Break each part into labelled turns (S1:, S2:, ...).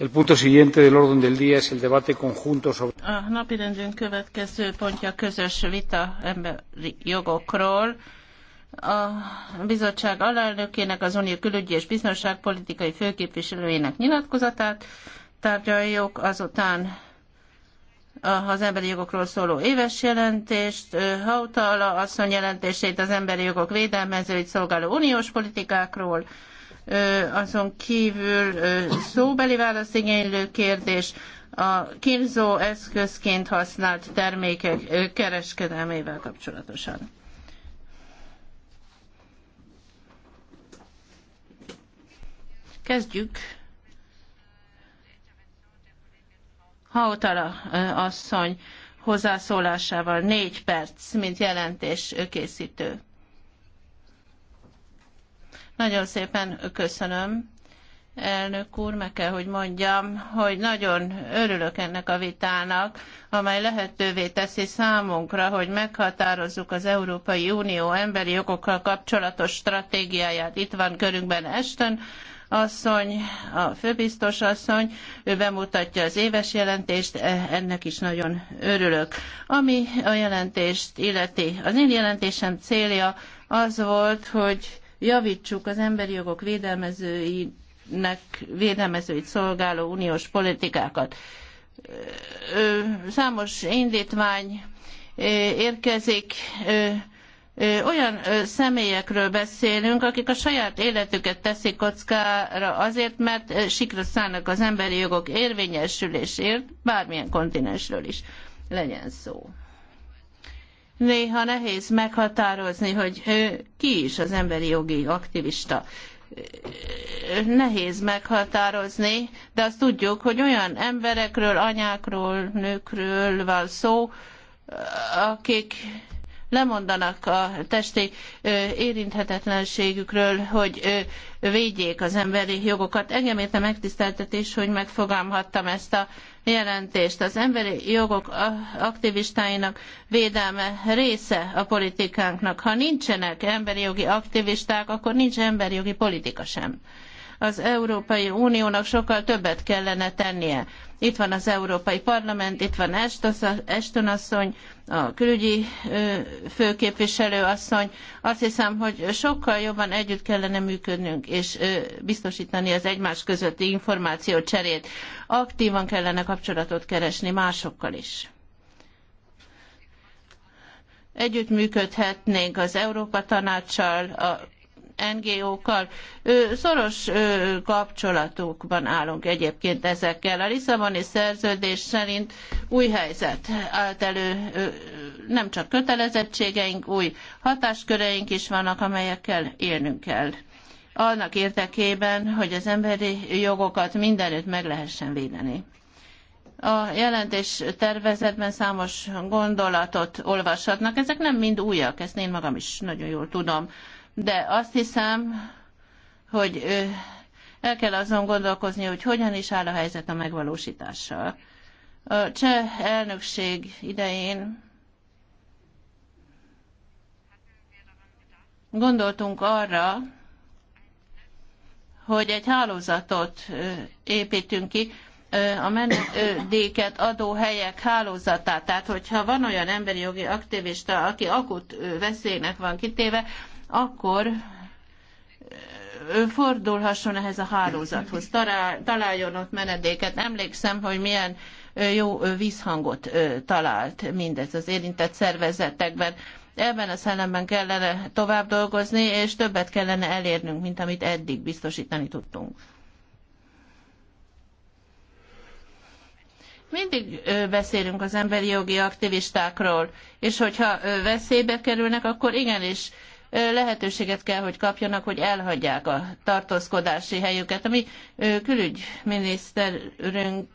S1: A
S2: napirendünk következő pontja közös vita emberi jogokról. A bizottság alelnökének, az Unió külügyi és biztonságpolitikai főképviselőjének nyilatkozatát tárgyaljuk, azután az emberi jogokról szóló éves jelentést, Hautala asszony jelentését az emberi jogok védelmezőit szolgáló uniós politikákról, azon kívül szóbeli válaszigénylő kérdés, a kínzó eszközként használt termékek kereskedelmével kapcsolatosan. Kezdjük. Hautala asszony hozzászólásával négy perc, mint jelentés készítő. Nagyon szépen köszönöm. Elnök úr, meg kell, hogy mondjam, hogy nagyon örülök ennek a vitának, amely lehetővé teszi számunkra, hogy meghatározzuk az Európai Unió emberi jogokkal kapcsolatos stratégiáját. Itt van körünkben Esten asszony, a főbiztos asszony, ő bemutatja az éves jelentést, e, ennek is nagyon örülök. Ami a jelentést illeti, az én jelentésem célja az volt, hogy javítsuk az emberi jogok védelmezőinek, védelmezőit szolgáló uniós politikákat. Számos indítvány érkezik, olyan személyekről beszélünk, akik a saját életüket teszik kockára azért, mert sikra szállnak az emberi jogok érvényesülésért, bármilyen kontinensről is legyen szó néha nehéz meghatározni, hogy ki is az emberi jogi aktivista. Nehéz meghatározni, de azt tudjuk, hogy olyan emberekről, anyákról, nőkről van szó, akik lemondanak a testi érinthetetlenségükről, hogy védjék az emberi jogokat. Engem érte megtiszteltetés, hogy megfogalmhattam ezt a jelentést. Az emberi jogok aktivistáinak védelme része a politikánknak. Ha nincsenek emberi jogi aktivisták, akkor nincs emberi jogi politika sem az Európai Uniónak sokkal többet kellene tennie. Itt van az Európai Parlament, itt van Eston asszony, a külügyi főképviselő asszony. Azt hiszem, hogy sokkal jobban együtt kellene működnünk, és biztosítani az egymás közötti információ cserét. Aktívan kellene kapcsolatot keresni másokkal is együttműködhetnénk az Európa Tanácssal, a NGO-kkal. Szoros kapcsolatokban állunk egyébként ezekkel. A Lisszaboni szerződés szerint új helyzet állt elő, nem csak kötelezettségeink, új hatásköreink is vannak, amelyekkel élnünk kell annak érdekében, hogy az emberi jogokat mindenütt meg lehessen védeni. A jelentés tervezetben számos gondolatot olvashatnak, ezek nem mind újak, ezt én magam is nagyon jól tudom de azt hiszem, hogy el kell azon gondolkozni, hogy hogyan is áll a helyzet a megvalósítással. A cseh elnökség idején gondoltunk arra, hogy egy hálózatot építünk ki, a menedéket adó helyek hálózatát. Tehát, hogyha van olyan emberi jogi aktivista, aki akut veszélynek van kitéve, akkor fordulhasson ehhez a hálózathoz, találjon ott menedéket. Emlékszem, hogy milyen jó vízhangot talált mindez az érintett szervezetekben. Ebben a szellemben kellene tovább dolgozni, és többet kellene elérnünk, mint amit eddig biztosítani tudtunk. Mindig beszélünk az emberi jogi aktivistákról, és hogyha veszélybe kerülnek, akkor igenis lehetőséget kell, hogy kapjanak, hogy elhagyják a tartózkodási helyüket. A mi külügyminiszterünk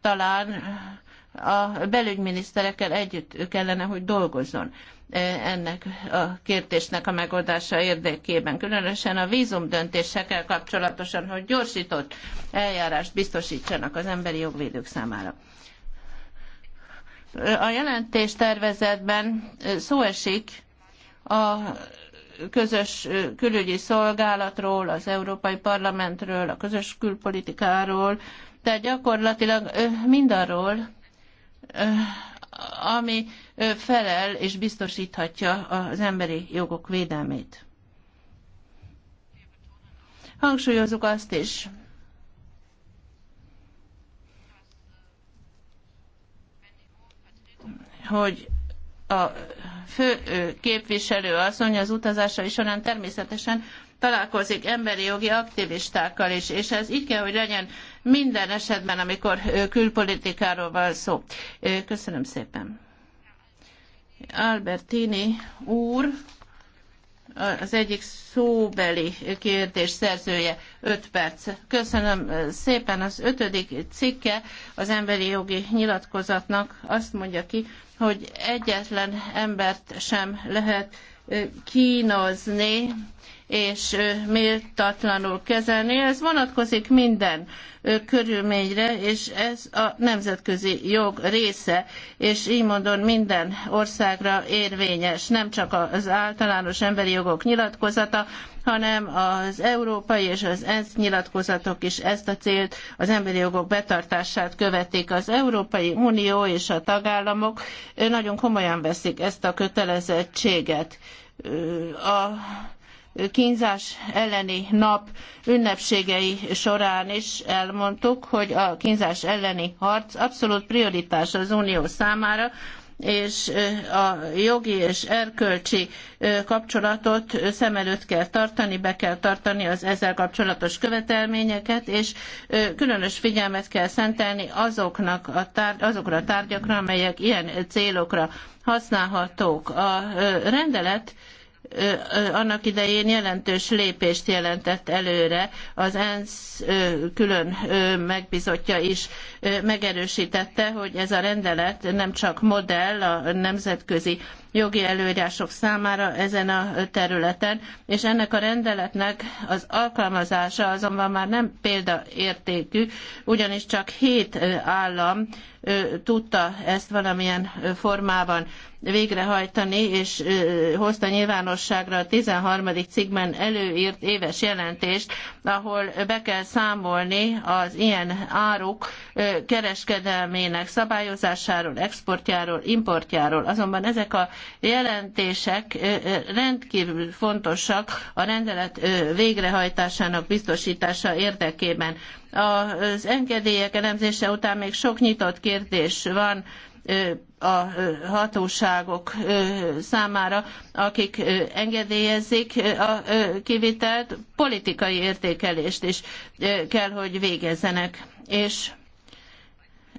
S2: talán a belügyminiszterekkel együtt kellene, hogy dolgozzon ennek a kérdésnek a megoldása érdekében, különösen a vízum döntésekkel kapcsolatosan, hogy gyorsított eljárást biztosítsanak az emberi jogvédők számára. A jelentés tervezetben szó esik a közös külügyi szolgálatról, az Európai Parlamentről, a közös külpolitikáról, tehát gyakorlatilag mindarról, ami felel és biztosíthatja az emberi jogok védelmét. Hangsúlyozzuk azt is, hogy a fő képviselő asszony az utazásai során természetesen találkozik emberi jogi aktivistákkal is, és ez így kell, hogy legyen minden esetben, amikor külpolitikáról van szó. Köszönöm szépen. Albertini úr az egyik szóbeli kérdés szerzője 5 perc. Köszönöm szépen. Az ötödik cikke az emberi jogi nyilatkozatnak azt mondja ki, hogy egyetlen embert sem lehet kínozni, és méltatlanul kezelni. Ez vonatkozik minden körülményre, és ez a nemzetközi jog része, és így mondom minden országra érvényes, nem csak az általános emberi jogok nyilatkozata, hanem az európai és az ENSZ nyilatkozatok is ezt a célt, az emberi jogok betartását követik. Az Európai Unió és a tagállamok nagyon komolyan veszik ezt a kötelezettséget. A kínzás elleni nap ünnepségei során is elmondtuk, hogy a kínzás elleni harc abszolút prioritás az Unió számára, és a jogi és erkölcsi kapcsolatot szem előtt kell tartani, be kell tartani az ezzel kapcsolatos követelményeket, és különös figyelmet kell szentelni azoknak a tárgy, azokra a tárgyakra, amelyek ilyen célokra használhatók. A rendelet annak idején jelentős lépést jelentett előre. Az ENSZ külön megbizotja is megerősítette, hogy ez a rendelet nem csak modell a nemzetközi jogi előírások számára ezen a területen, és ennek a rendeletnek az alkalmazása azonban már nem példaértékű, ugyanis csak hét állam tudta ezt valamilyen formában végrehajtani, és hozta nyilvánosságra a 13. cikkben előírt éves jelentést, ahol be kell számolni az ilyen áruk kereskedelmének szabályozásáról, exportjáról, importjáról. Azonban ezek a jelentések rendkívül fontosak a rendelet végrehajtásának biztosítása érdekében. Az engedélyek elemzése után még sok nyitott kérdés van, a hatóságok számára, akik engedélyezik a kivitelt, politikai értékelést is kell, hogy végezzenek. És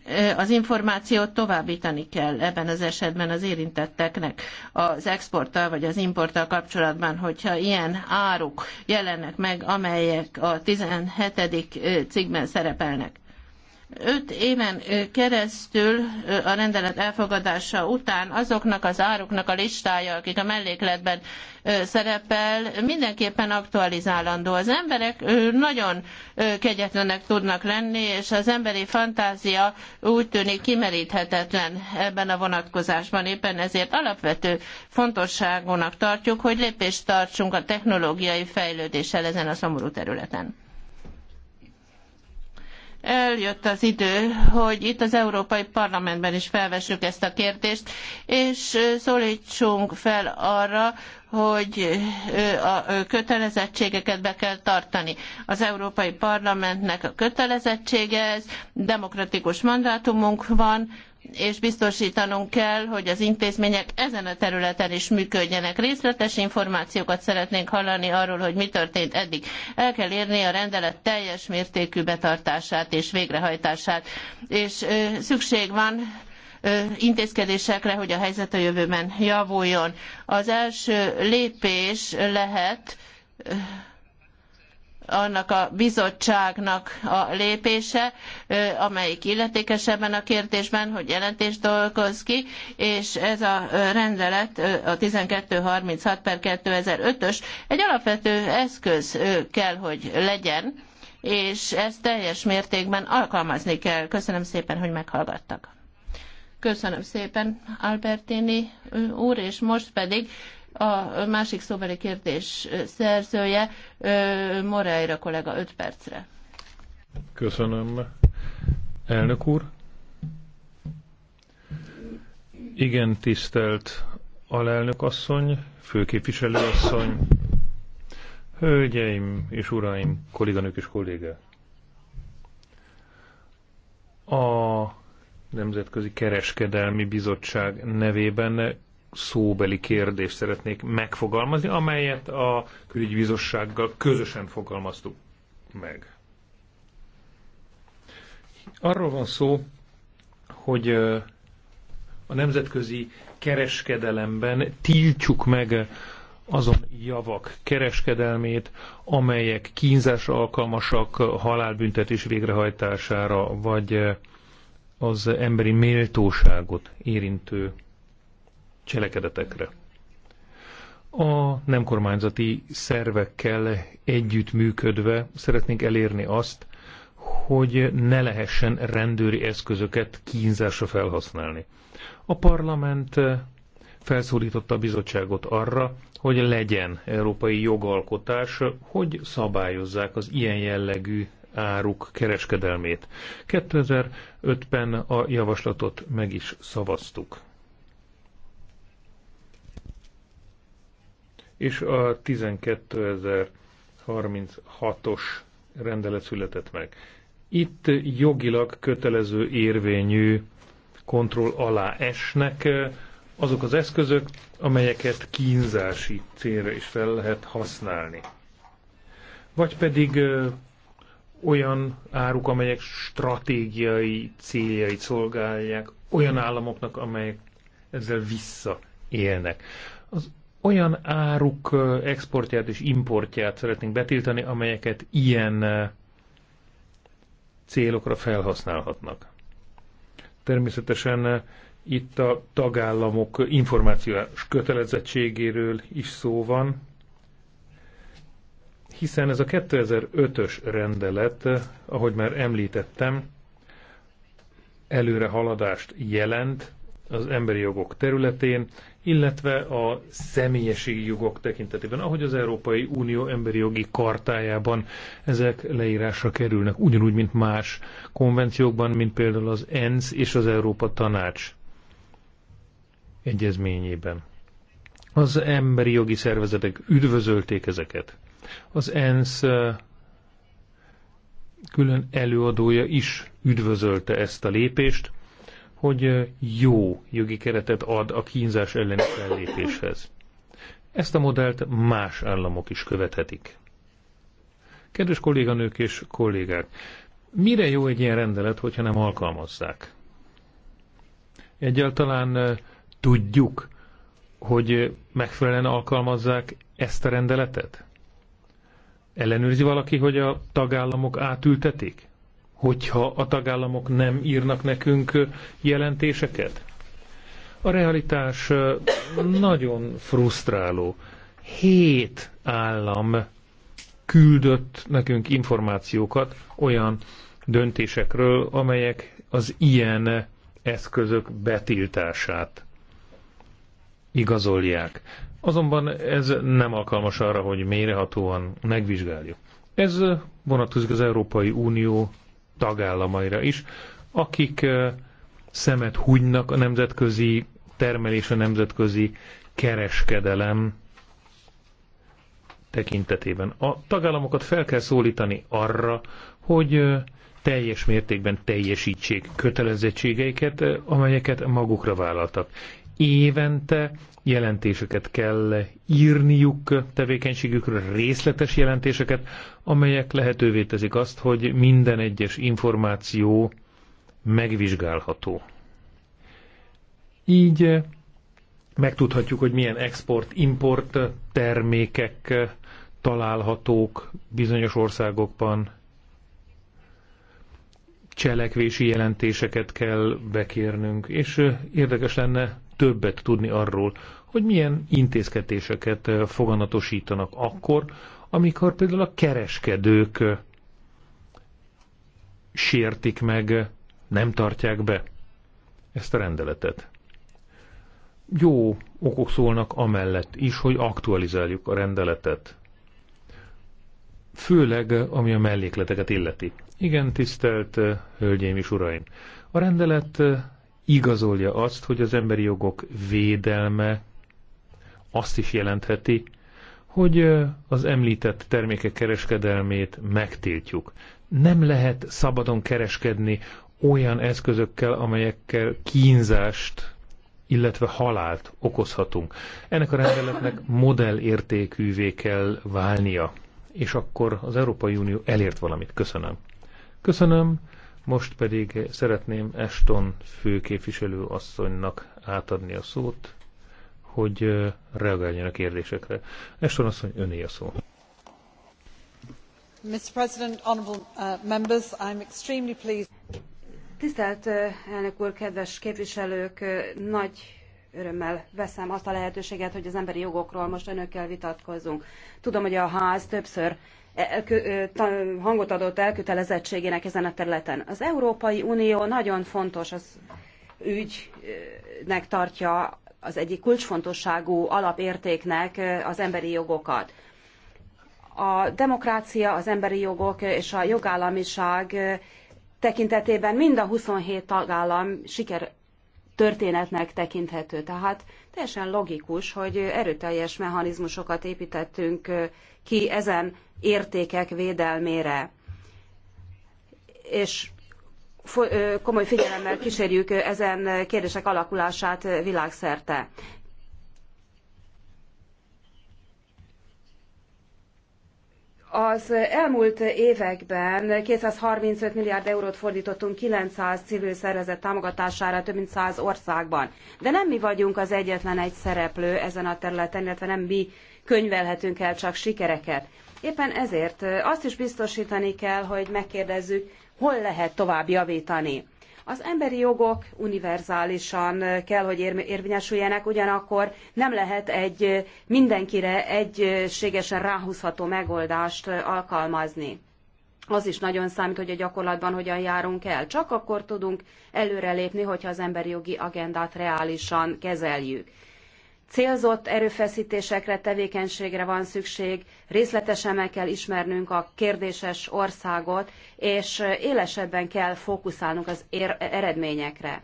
S2: Eh, az információt továbbítani kell ebben az esetben az érintetteknek az exporttal vagy az importtal kapcsolatban, hogyha ilyen áruk jelennek meg, amelyek a 17. Eh, cikkben szerepelnek. Öt éven keresztül a rendelet elfogadása után azoknak az áruknak a listája, akik a mellékletben szerepel, mindenképpen aktualizálandó. Az emberek nagyon kegyetlenek tudnak lenni, és az emberi fantázia úgy tűnik kimeríthetetlen ebben a vonatkozásban. Éppen ezért alapvető fontosságúnak tartjuk, hogy lépést tartsunk a technológiai fejlődéssel ezen a szomorú területen eljött az idő, hogy itt az Európai Parlamentben is felvessük ezt a kérdést, és szólítsunk fel arra, hogy a kötelezettségeket be kell tartani. Az Európai Parlamentnek a kötelezettsége ez, demokratikus mandátumunk van, és biztosítanunk kell, hogy az intézmények ezen a területen is működjenek. Részletes információkat szeretnénk hallani arról, hogy mi történt eddig. El kell érni a rendelet teljes mértékű betartását és végrehajtását, és szükség van intézkedésekre, hogy a helyzet a jövőben javuljon. Az első lépés lehet annak a bizottságnak a lépése, amelyik illetékes ebben a kérdésben, hogy jelentést dolgoz ki, és ez a rendelet, a 1236 per 2005-ös egy alapvető eszköz kell, hogy legyen, és ezt teljes mértékben alkalmazni kell. Köszönöm szépen, hogy meghallgattak. Köszönöm szépen, Albertini úr, és most pedig a másik szóbeli kérdés szerzője Moreira kollega 5 percre.
S1: Köszönöm. Elnök úr. Igen, tisztelt alelnök asszony, főképviselő asszony, hölgyeim és uraim, kolléganők és kollégák. A Nemzetközi Kereskedelmi Bizottság nevében szóbeli kérdést szeretnék megfogalmazni, amelyet a külügybizossággal közösen fogalmaztuk meg. Arról van szó, hogy a nemzetközi kereskedelemben tiltsuk meg azon javak kereskedelmét, amelyek kínzásra alkalmasak, halálbüntetés végrehajtására, vagy az emberi méltóságot érintő cselekedetekre. A nem kormányzati szervekkel együttműködve szeretnénk elérni azt, hogy ne lehessen rendőri eszközöket kínzásra felhasználni. A parlament felszólította a bizottságot arra, hogy legyen európai jogalkotás, hogy szabályozzák az ilyen jellegű áruk kereskedelmét. 2005-ben a javaslatot meg is szavaztuk. és a 12.036-os rendelet született meg. Itt jogilag kötelező érvényű kontroll alá esnek azok az eszközök, amelyeket kínzási célra is fel lehet használni. Vagy pedig olyan áruk, amelyek stratégiai céljait szolgálják, olyan államoknak, amelyek ezzel visszaélnek. Az olyan áruk exportját és importját szeretnénk betiltani, amelyeket ilyen célokra felhasználhatnak. Természetesen itt a tagállamok információs kötelezettségéről is szó van, hiszen ez a 2005-ös rendelet, ahogy már említettem, előre haladást jelent, az emberi jogok területén, illetve a személyesi jogok tekintetében, ahogy az Európai Unió emberi jogi kartájában ezek leírásra kerülnek, ugyanúgy, mint más konvenciókban, mint például az ENSZ és az Európa Tanács egyezményében. Az emberi jogi szervezetek üdvözölték ezeket. Az ENSZ eh, külön előadója is üdvözölte ezt a lépést, hogy jó jogi keretet ad a kínzás elleni fellépéshez. Ezt a modellt más államok is követhetik. Kedves kolléganők és kollégák, mire jó egy ilyen rendelet, hogyha nem alkalmazzák? Egyáltalán tudjuk, hogy megfelelően alkalmazzák ezt a rendeletet? Ellenőrzi valaki, hogy a tagállamok átültetik? hogyha a tagállamok nem írnak nekünk jelentéseket? A realitás nagyon frusztráló. Hét állam küldött nekünk információkat olyan döntésekről, amelyek az ilyen eszközök betiltását igazolják. Azonban ez nem alkalmas arra, hogy mélyrehatóan megvizsgáljuk. Ez vonatkozik az Európai Unió tagállamaira is, akik szemet húgynak a nemzetközi termelés, a nemzetközi kereskedelem tekintetében. A tagállamokat fel kell szólítani arra, hogy teljes mértékben teljesítsék kötelezettségeiket, amelyeket magukra vállaltak. Évente jelentéseket kell írniuk tevékenységükről, részletes jelentéseket, amelyek lehetővé teszik azt, hogy minden egyes információ megvizsgálható. Így megtudhatjuk, hogy milyen export-import termékek találhatók bizonyos országokban. Cselekvési jelentéseket kell bekérnünk, és érdekes lenne többet tudni arról, hogy milyen intézkedéseket foganatosítanak akkor, amikor például a kereskedők sértik meg, nem tartják be ezt a rendeletet. Jó okok szólnak amellett is, hogy aktualizáljuk a rendeletet. Főleg, ami a mellékleteket illeti. Igen, tisztelt Hölgyeim és Uraim! A rendelet igazolja azt, hogy az emberi jogok védelme azt is jelentheti, hogy az említett termékek kereskedelmét megtiltjuk. Nem lehet szabadon kereskedni olyan eszközökkel, amelyekkel kínzást, illetve halált okozhatunk. Ennek a rendeletnek modellértékűvé kell válnia, és akkor az Európai Unió elért valamit. Köszönöm. Köszönöm. Most pedig szeretném Eston főképviselő asszonynak átadni a szót, hogy reagáljon a kérdésekre. Eston asszony, öné a szó.
S3: Mr. President, honorable uh, members, I'm extremely pleased. Tisztelt elnök úr, kedves képviselők, nagy örömmel veszem azt a lehetőséget, hogy az emberi jogokról most önökkel vitatkozzunk. Tudom, hogy a ház többször hangot adott elkötelezettségének ezen a területen. Az Európai Unió nagyon fontos az ügynek tartja az egyik kulcsfontosságú alapértéknek az emberi jogokat. A demokrácia, az emberi jogok és a jogállamiság tekintetében mind a 27 tagállam siker történetnek tekinthető. Tehát teljesen logikus, hogy erőteljes mechanizmusokat építettünk ki ezen értékek védelmére. És komoly figyelemmel kísérjük ezen kérdések alakulását világszerte. Az elmúlt években 235 milliárd eurót fordítottunk 900 civil szervezet támogatására több mint 100 országban. De nem mi vagyunk az egyetlen egy szereplő ezen a területen, illetve nem mi könyvelhetünk el csak sikereket. Éppen ezért azt is biztosítani kell, hogy megkérdezzük, hol lehet tovább javítani. Az emberi jogok univerzálisan kell, hogy érvényesüljenek, ugyanakkor nem lehet egy mindenkire egységesen ráhúzható megoldást alkalmazni. Az is nagyon számít, hogy a gyakorlatban hogyan járunk el. Csak akkor tudunk előrelépni, hogyha az emberi jogi agendát reálisan kezeljük. Célzott erőfeszítésekre, tevékenységre van szükség, részletesen meg kell ismernünk a kérdéses országot, és élesebben kell fókuszálnunk az eredményekre.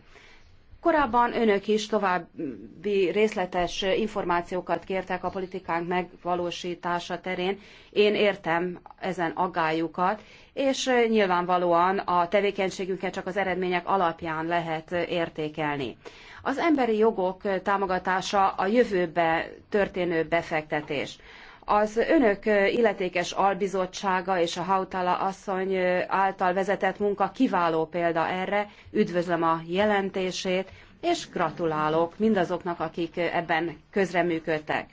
S3: Korábban önök is további részletes információkat kértek a politikánk megvalósítása terén. Én értem ezen aggályukat, és nyilvánvalóan a tevékenységünket csak az eredmények alapján lehet értékelni. Az emberi jogok támogatása a jövőbe történő befektetés. Az önök illetékes albizottsága és a Hautala asszony által vezetett munka kiváló példa erre. Üdvözlöm a jelentését, és gratulálok mindazoknak, akik ebben közreműködtek.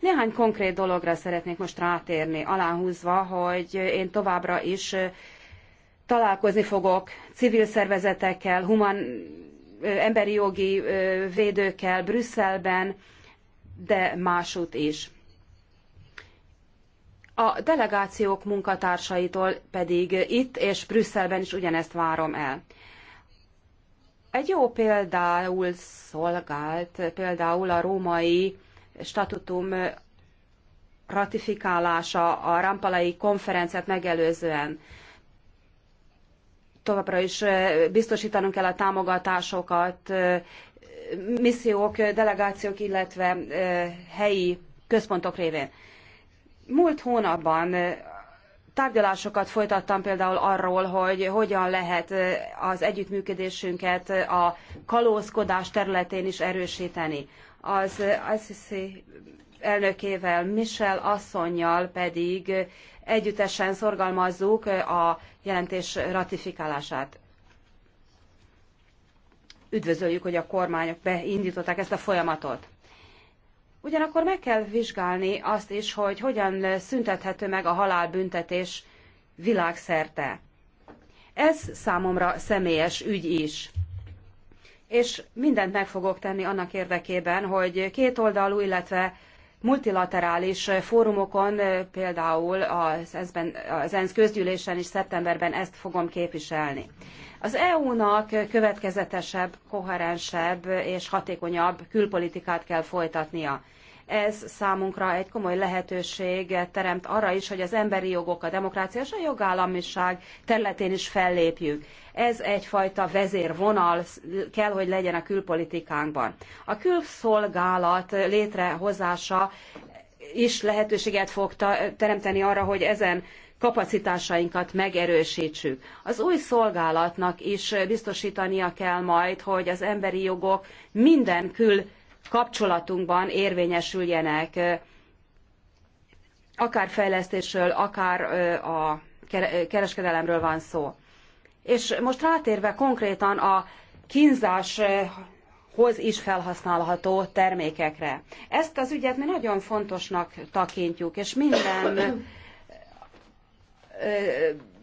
S3: Néhány konkrét dologra szeretnék most rátérni, aláhúzva, hogy én továbbra is találkozni fogok civil szervezetekkel, human emberi jogi védőkkel Brüsszelben, de másút is. A delegációk munkatársaitól pedig itt és Brüsszelben is ugyanezt várom el. Egy jó például szolgált, például a római statutum ratifikálása a Rampalai konferenciát megelőzően továbbra is biztosítanunk kell a támogatásokat, missziók, delegációk, illetve helyi központok révén. Múlt hónapban tárgyalásokat folytattam például arról, hogy hogyan lehet az együttműködésünket a kalózkodás területén is erősíteni. Az ICC elnökével, Michel asszonynal pedig együttesen szorgalmazzuk a jelentés ratifikálását. Üdvözöljük, hogy a kormányok beindították ezt a folyamatot. Ugyanakkor meg kell vizsgálni azt is, hogy hogyan szüntethető meg a halálbüntetés világszerte. Ez számomra személyes ügy is. És mindent meg fogok tenni annak érdekében, hogy kétoldalú, illetve multilaterális eh, fórumokon, eh, például az, esz az ENSZ közgyűlésen is szeptemberben ezt fogom képviselni. Az EU-nak következetesebb, koherensebb és hatékonyabb külpolitikát kell folytatnia. Ez számunkra egy komoly lehetőséget teremt arra is, hogy az emberi jogok, a demokrácia és a jogállamiság területén is fellépjük. Ez egyfajta vezérvonal kell, hogy legyen a külpolitikánkban. A külszolgálat létrehozása is lehetőséget fog teremteni arra, hogy ezen kapacitásainkat megerősítsük. Az új szolgálatnak is biztosítania kell majd, hogy az emberi jogok minden kül kapcsolatunkban érvényesüljenek, akár fejlesztésről, akár a kereskedelemről van szó. És most rátérve konkrétan a kínzáshoz is felhasználható termékekre. Ezt az ügyet mi nagyon fontosnak tekintjük, és minden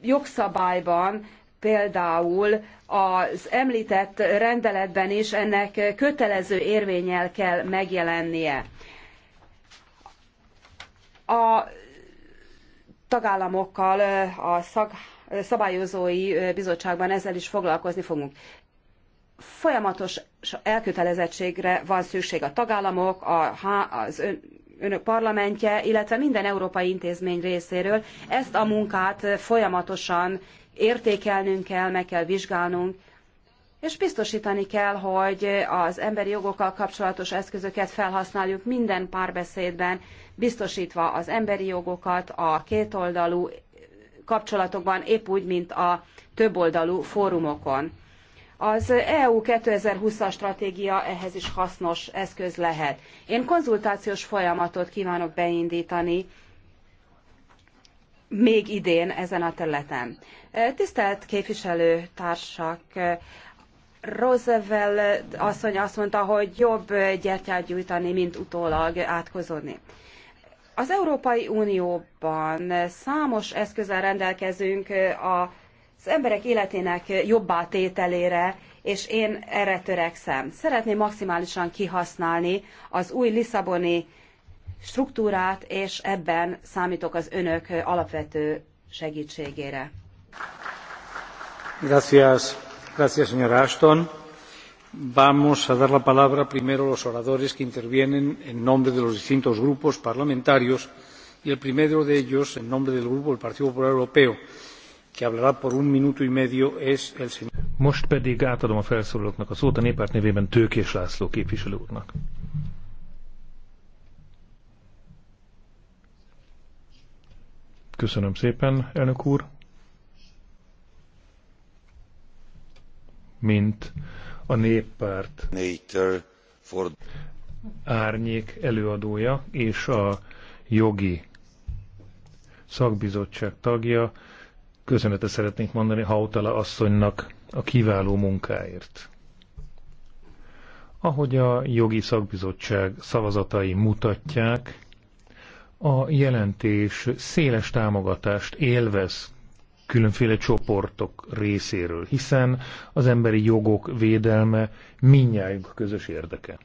S3: jogszabályban például az említett rendeletben is ennek kötelező érvényel kell megjelennie. A tagállamokkal a szag, szabályozói bizottságban ezzel is foglalkozni fogunk. Folyamatos elkötelezettségre van szükség a tagállamok, a, az ön, önök parlamentje, illetve minden európai intézmény részéről. Ezt a munkát folyamatosan értékelnünk kell, meg kell vizsgálnunk, és biztosítani kell, hogy az emberi jogokkal kapcsolatos eszközöket felhasználjuk minden párbeszédben, biztosítva az emberi jogokat a kétoldalú kapcsolatokban, épp úgy, mint a többoldalú fórumokon. Az EU 2020-as stratégia ehhez is hasznos eszköz lehet. Én konzultációs folyamatot kívánok beindítani még idén ezen a területen. Tisztelt képviselő társak, Roosevelt asszony azt mondta, hogy jobb gyertyát gyújtani, mint utólag átkozódni. Az Európai Unióban számos eszközzel rendelkezünk az emberek életének jobbá tételére, és én erre törekszem. Szeretném maximálisan kihasználni az új Lisszaboni struktúrát, és ebben számítok az önök alapvető segítségére.
S1: Gracias, gracias, señora Ashton. Vamos a dar la palabra primero a los oradores que intervienen en nombre de los distintos grupos parlamentarios y el primero de ellos, en nombre del grupo del Partido Popular Europeo, que hablará por un minuto y medio, es el señor. Most pedig átadom a felszólalóknak a szót a néppárt nevében Tőkés László képviselő úrnak. Köszönöm szépen, elnök úr. mint a néppárt árnyék előadója és a jogi szakbizottság tagja. Köszönetet szeretnénk mondani Hautala asszonynak a kiváló munkáért. Ahogy a jogi szakbizottság szavazatai mutatják, a jelentés széles támogatást élvez különféle csoportok részéről, hiszen az emberi jogok védelme minnyájunk közös érdeke.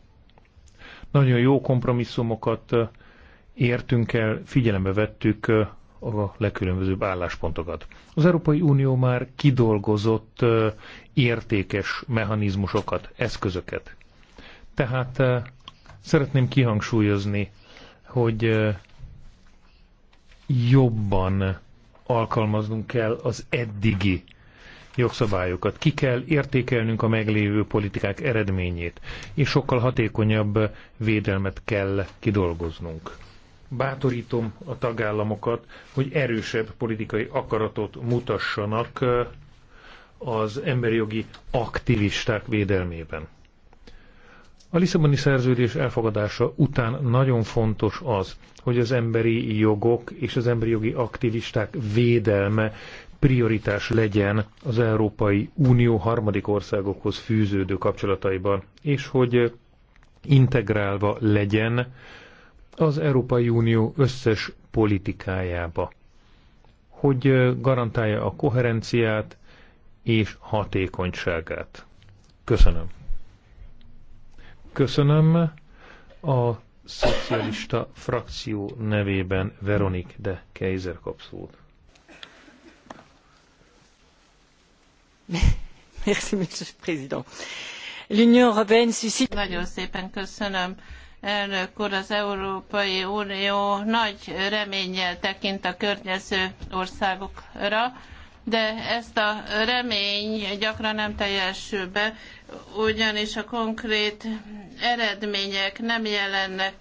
S1: Nagyon jó kompromisszumokat értünk el, figyelembe vettük a legkülönbözőbb álláspontokat. Az Európai Unió már kidolgozott értékes mechanizmusokat, eszközöket. Tehát szeretném kihangsúlyozni, hogy jobban alkalmaznunk kell az eddigi jogszabályokat. Ki kell értékelnünk a meglévő politikák eredményét, és sokkal hatékonyabb védelmet kell kidolgoznunk. Bátorítom a tagállamokat, hogy erősebb politikai akaratot mutassanak az emberi jogi aktivisták védelmében. A Lisszaboni szerződés elfogadása után nagyon fontos az, hogy az emberi jogok és az emberi jogi aktivisták védelme prioritás legyen az Európai Unió harmadik országokhoz fűződő kapcsolataiban, és hogy integrálva legyen az Európai Unió összes politikájába, hogy garantálja a koherenciát és hatékonyságát. Köszönöm. Köszönöm a szocialista frakció nevében Veronik de Kaiser kap szót.
S4: Merci, Monsieur le Président.
S2: L'Union européenne suscite... Nagyon szépen köszönöm. Elnök úr, az Európai Unió nagy reménnyel tekint a környező országokra de ezt a remény gyakran nem teljesül be, ugyanis a konkrét eredmények nem jelennek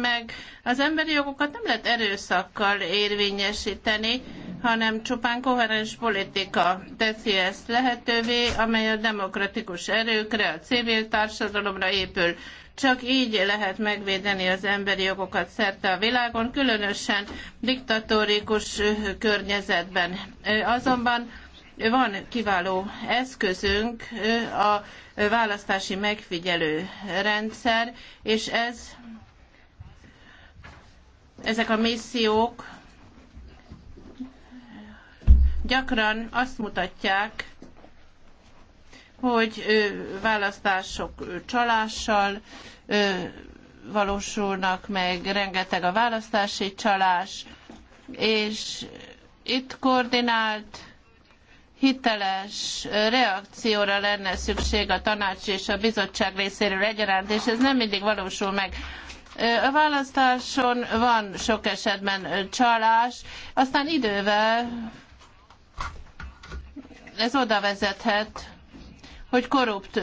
S2: meg. Az emberi jogokat nem lehet erőszakkal érvényesíteni, hanem csupán koherens politika teszi ezt lehetővé, amely a demokratikus erőkre, a civil társadalomra épül. Csak így lehet megvédeni az emberi jogokat szerte a világon, különösen diktatórikus környezetben. Azonban van kiváló eszközünk, a választási megfigyelő rendszer, és ez, ezek a missziók gyakran azt mutatják, hogy választások csalással valósulnak meg, rengeteg a választási csalás, és itt koordinált, hiteles reakcióra lenne szükség a tanács és a bizottság részéről egyaránt, és ez nem mindig valósul meg. A választáson van sok esetben csalás, aztán idővel ez oda vezethet, hogy korrupt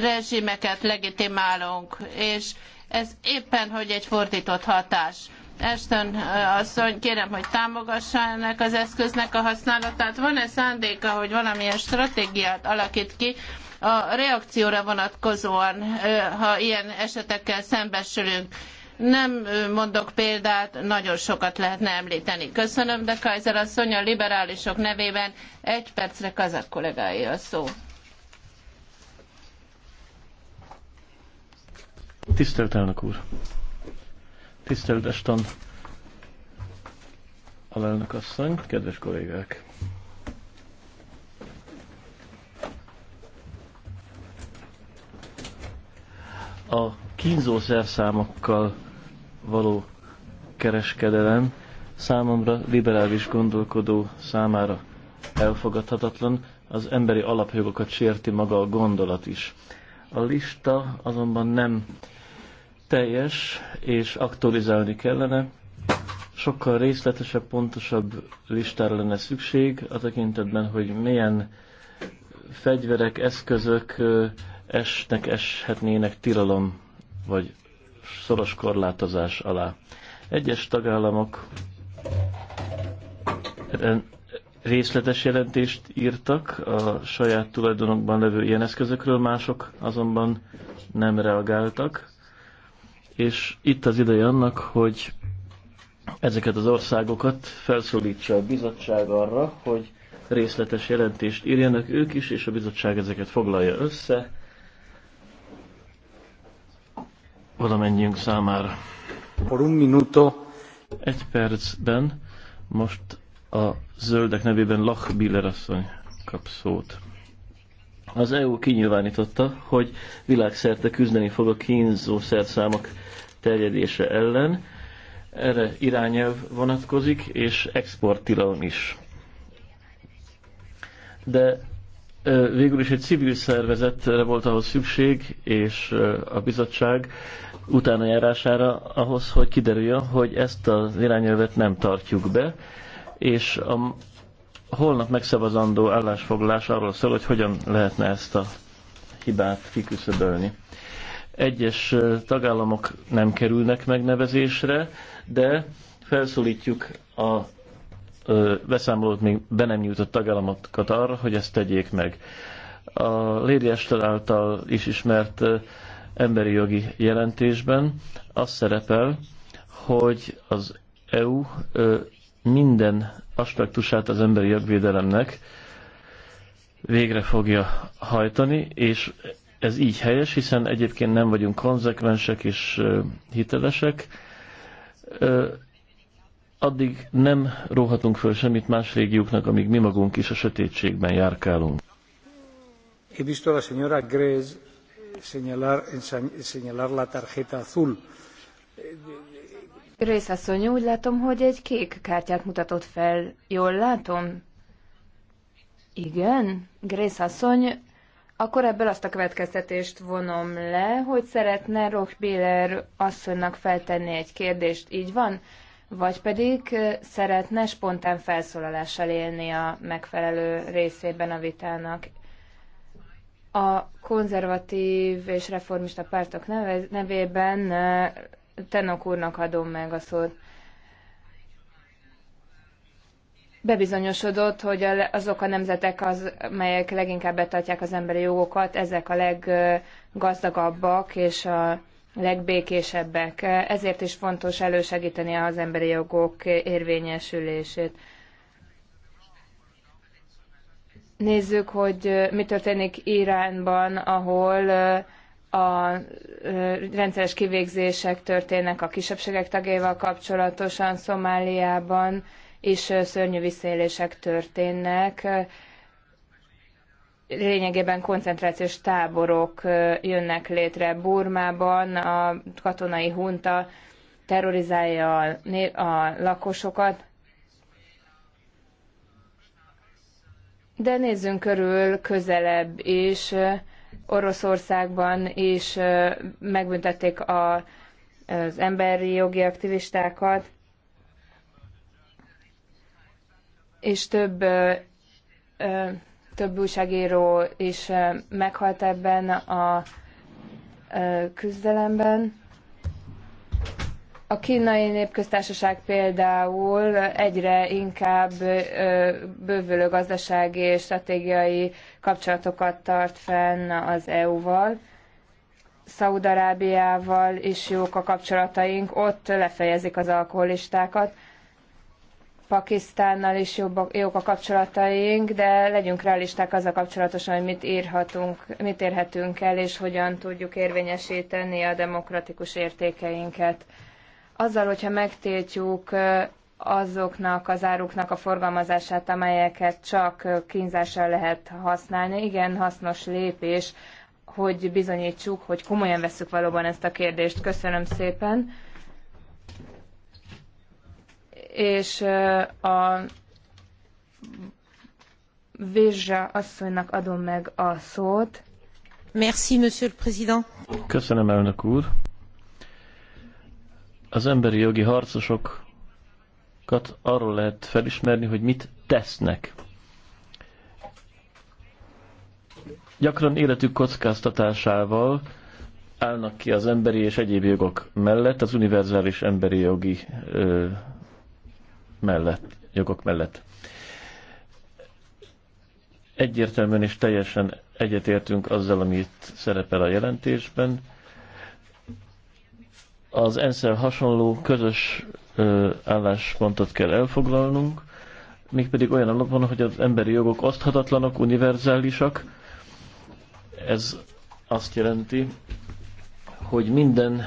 S2: rezsimeket legitimálunk, és ez éppen, hogy egy fordított hatás. Ashton asszony, kérem, hogy támogassa ennek az eszköznek a használatát. Van-e szándéka, hogy valamilyen stratégiát alakít ki a reakcióra vonatkozóan, ha ilyen esetekkel szembesülünk? Nem mondok példát, nagyon sokat lehetne említeni. Köszönöm, de Kaiser asszony a liberálisok nevében egy percre kazak kollégája a szó.
S5: Tisztelt elnök úr! Tisztelt Estan alelnök asszony, kedves kollégák! A kínzó szerszámokkal való kereskedelem számomra liberális gondolkodó számára elfogadhatatlan, az emberi alapjogokat sérti maga a gondolat is. A lista azonban nem teljes, és aktualizálni kellene. Sokkal részletesebb, pontosabb listára lenne szükség a tekintetben, hogy milyen fegyverek, eszközök esnek, eshetnének tilalom vagy szoros korlátozás alá. Egyes tagállamok részletes jelentést írtak a saját tulajdonokban levő ilyen eszközökről, mások azonban nem reagáltak és itt az ideje annak, hogy ezeket az országokat felszólítsa a bizottság arra, hogy részletes jelentést írjanak ők is, és a bizottság ezeket foglalja össze valamennyiünk számára. Por un minuto. Egy percben most a zöldek nevében Lach Biller asszony kap szót. Az EU kinyilvánította, hogy világszerte küzdeni fog a kínzó szerszámok terjedése ellen. Erre irányelv vonatkozik, és exporttilalom is. De végül is egy civil szervezetre volt ahhoz szükség, és a bizottság utána járására ahhoz, hogy kiderüljön, hogy ezt az irányelvet nem tartjuk be, és a holnap megszavazandó állásfoglalás arról szól, hogy hogyan lehetne ezt a hibát kiküszöbölni. Egyes tagállamok nem kerülnek megnevezésre, de felszólítjuk a beszámolót még be nem nyújtott tagállamokat arra, hogy ezt tegyék meg. A Lady Ashton által is ismert emberi jogi jelentésben az szerepel, hogy az EU minden aspektusát az emberi jogvédelemnek végre fogja hajtani, és ez így helyes, hiszen egyébként nem vagyunk konzekvensek és hitelesek. Addig nem róhatunk föl semmit más régióknak, amíg mi magunk is a sötétségben járkálunk.
S1: He visto a la señora Grez señalar, señalar la tarjeta azul.
S6: asszony, úgy látom, hogy egy kék kártyát mutatott fel. Jól látom? Igen, Grész asszony, akkor ebből azt a következtetést vonom le, hogy szeretne Biller asszonynak feltenni egy kérdést. Így van? Vagy pedig szeretne spontán felszólalással élni a megfelelő részében a vitának. A konzervatív és reformista pártok nevében Tenok úrnak adom meg a szót. bebizonyosodott, hogy azok a nemzetek, az, melyek leginkább betartják az emberi jogokat, ezek a leggazdagabbak és a legbékésebbek. Ezért is fontos elősegíteni az emberi jogok érvényesülését. Nézzük, hogy mi történik Iránban, ahol a rendszeres kivégzések történnek a kisebbségek tagjaival kapcsolatosan, Szomáliában, is szörnyű visszaélések történnek. Lényegében koncentrációs táborok jönnek létre Burmában, a katonai hunta terrorizálja a, a lakosokat, De nézzünk körül közelebb is. Oroszországban is megbüntették a, az emberi jogi aktivistákat. és több, több újságíró is meghalt ebben a küzdelemben. A kínai népköztársaság például egyre inkább bővülő gazdasági és stratégiai kapcsolatokat tart fenn az EU-val. Szaudarábiával is jók a kapcsolataink, ott lefejezik az alkoholistákat. Pakisztánnal is jobb, jók a kapcsolataink, de legyünk realisták azzal kapcsolatosan, hogy mit írhatunk, mit érhetünk el, és hogyan tudjuk érvényesíteni a demokratikus értékeinket. Azzal, hogyha megtiltjuk azoknak az áruknak a forgalmazását, amelyeket csak kínzással lehet használni, igen, hasznos lépés, hogy bizonyítsuk, hogy komolyan veszük valóban ezt a kérdést. Köszönöm szépen! és a Vézsa asszonynak adom meg a szót. Merci, monsieur le président.
S5: Köszönöm, elnök úr. Az emberi jogi harcosokat arról lehet felismerni, hogy mit tesznek. Gyakran életük kockáztatásával állnak ki az emberi és egyéb jogok mellett az univerzális emberi jogi ö, mellett, jogok mellett. Egyértelműen és teljesen egyetértünk azzal, amit szerepel a jelentésben. Az enszel hasonló közös álláspontot kell elfoglalnunk, mégpedig olyan alapon, hogy az emberi jogok oszthatatlanok, univerzálisak. Ez azt jelenti, hogy minden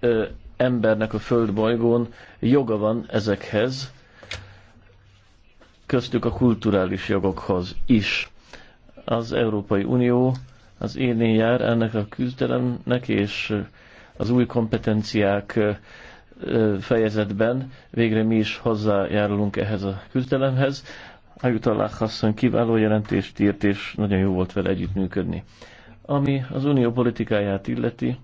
S5: ö, embernek a földbolygón joga van ezekhez, köztük a kulturális jogokhoz is. Az Európai Unió az élén jár ennek a küzdelemnek, és az új kompetenciák fejezetben végre mi is hozzájárulunk ehhez a küzdelemhez. Ajuta Hassan kiváló jelentést írt, és nagyon jó volt vele együttműködni. Ami az unió politikáját illeti,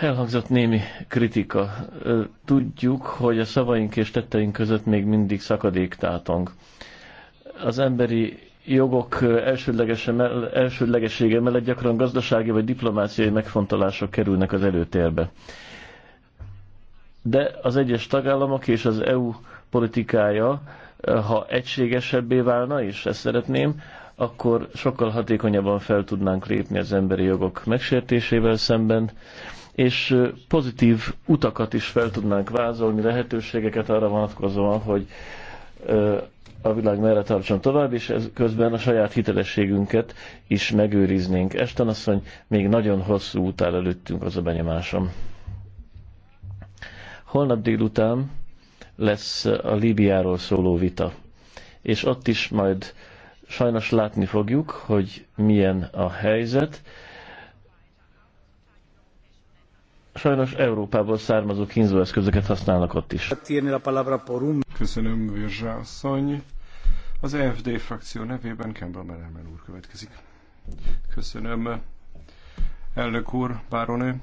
S5: Elhangzott némi kritika. Tudjuk, hogy a szavaink és tetteink között még mindig szakadék tátong. Az emberi jogok elsődlegessége mellett gyakran gazdasági vagy diplomáciai megfontolások kerülnek az előtérbe. De az egyes tagállamok és az EU politikája, ha egységesebbé válna, és ezt szeretném, akkor sokkal hatékonyabban fel tudnánk lépni az emberi jogok megsértésével szemben, és pozitív utakat is fel tudnánk vázolni, lehetőségeket arra vonatkozóan, hogy a világ merre tartson tovább, és ez közben a saját hitelességünket is megőriznénk. Esten asszony, még nagyon hosszú út áll előttünk, az a benyomásom. Holnap délután lesz a Líbiáról szóló vita, és ott is majd sajnos látni fogjuk, hogy milyen a helyzet, sajnos Európából származó kínzóeszközöket használnak ott is.
S7: Köszönöm, Virzsa asszony. Az EFD frakció nevében Campbell Merelmen úr következik. Köszönöm, elnök úr, báronő.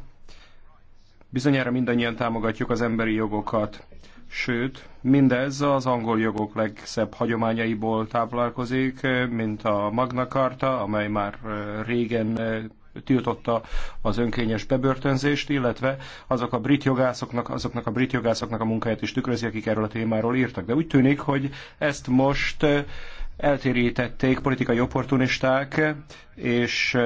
S7: Bizonyára mindannyian támogatjuk az emberi jogokat, sőt, mindez az angol jogok legszebb hagyományaiból táplálkozik, mint a Magna Carta, amely már eh, régen eh, tiltotta az önkényes bebörtönzést, illetve azok a brit jogászoknak, azoknak a brit jogászoknak a munkáját is tükrözi, akik erről a témáról írtak. De úgy tűnik, hogy ezt most eltérítették politikai opportunisták, és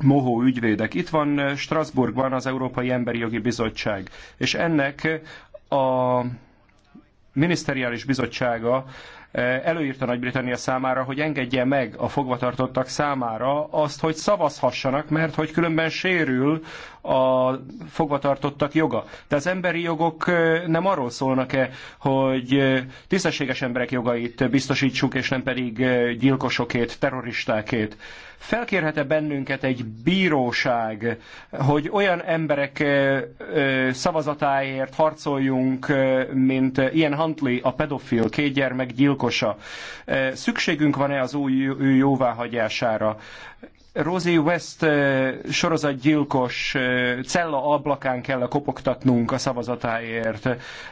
S7: mohó ügyvédek. Itt van Strasbourgban az Európai Emberi Jogi Bizottság, és ennek a miniszteriális bizottsága előírta Nagy-Britannia számára, hogy engedje meg a fogvatartottak számára azt, hogy szavazhassanak, mert hogy különben sérül a fogvatartottak joga. De az emberi jogok nem arról szólnak-e, hogy tisztességes emberek jogait biztosítsuk, és nem pedig gyilkosokét, terroristákét. Felkérhet-e bennünket egy bíróság, hogy olyan emberek szavazatáért harcoljunk, mint Ian Huntley, a pedofil, két gyermek gyilkosa. Szükségünk van-e az új jóváhagyására? Rosie West eh, sorozatgyilkos eh, cella ablakán kell a kopogtatnunk a szavazatáért,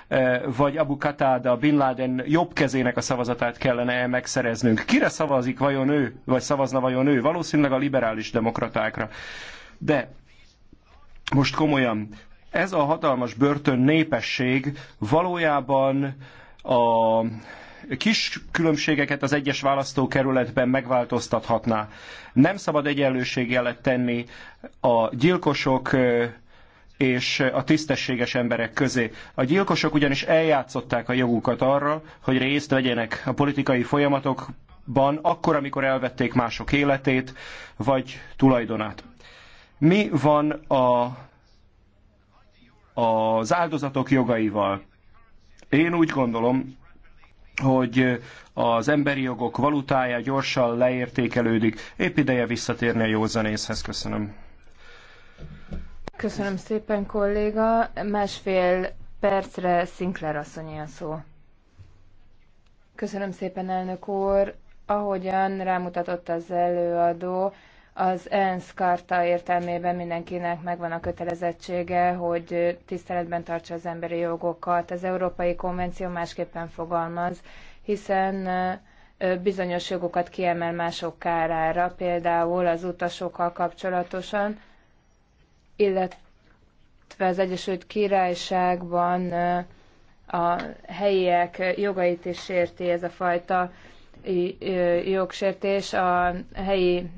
S7: eh, vagy Abu Qatada Bin Laden jobb kezének a szavazatát kellene -e megszereznünk. Kire szavazik vajon ő, vagy szavazna vajon ő? Valószínűleg a liberális demokratákra. De most komolyan, ez a hatalmas börtön népesség valójában a kis különbségeket az egyes választókerületben megváltoztathatná. Nem szabad egyenlőségjelet tenni a gyilkosok és a tisztességes emberek közé. A gyilkosok ugyanis eljátszották a jogukat arra, hogy részt vegyenek a politikai folyamatokban, akkor, amikor elvették mások életét vagy tulajdonát. Mi van a, az áldozatok jogaival? Én úgy gondolom, hogy az emberi jogok valutája gyorsan leértékelődik. Épp ideje visszatérni a józanészhez. Köszönöm.
S6: Köszönöm szépen, kolléga. Másfél percre Sinclair asszony a szó. Köszönöm szépen, elnök úr. Ahogyan rámutatott az előadó, az ENSZ karta értelmében mindenkinek megvan a kötelezettsége, hogy tiszteletben tartsa az emberi jogokat. Az Európai Konvenció másképpen fogalmaz, hiszen bizonyos jogokat kiemel mások kárára, például az utasokkal kapcsolatosan, illetve az Egyesült Királyságban a helyiek jogait is érti ez a fajta jogsértés a helyi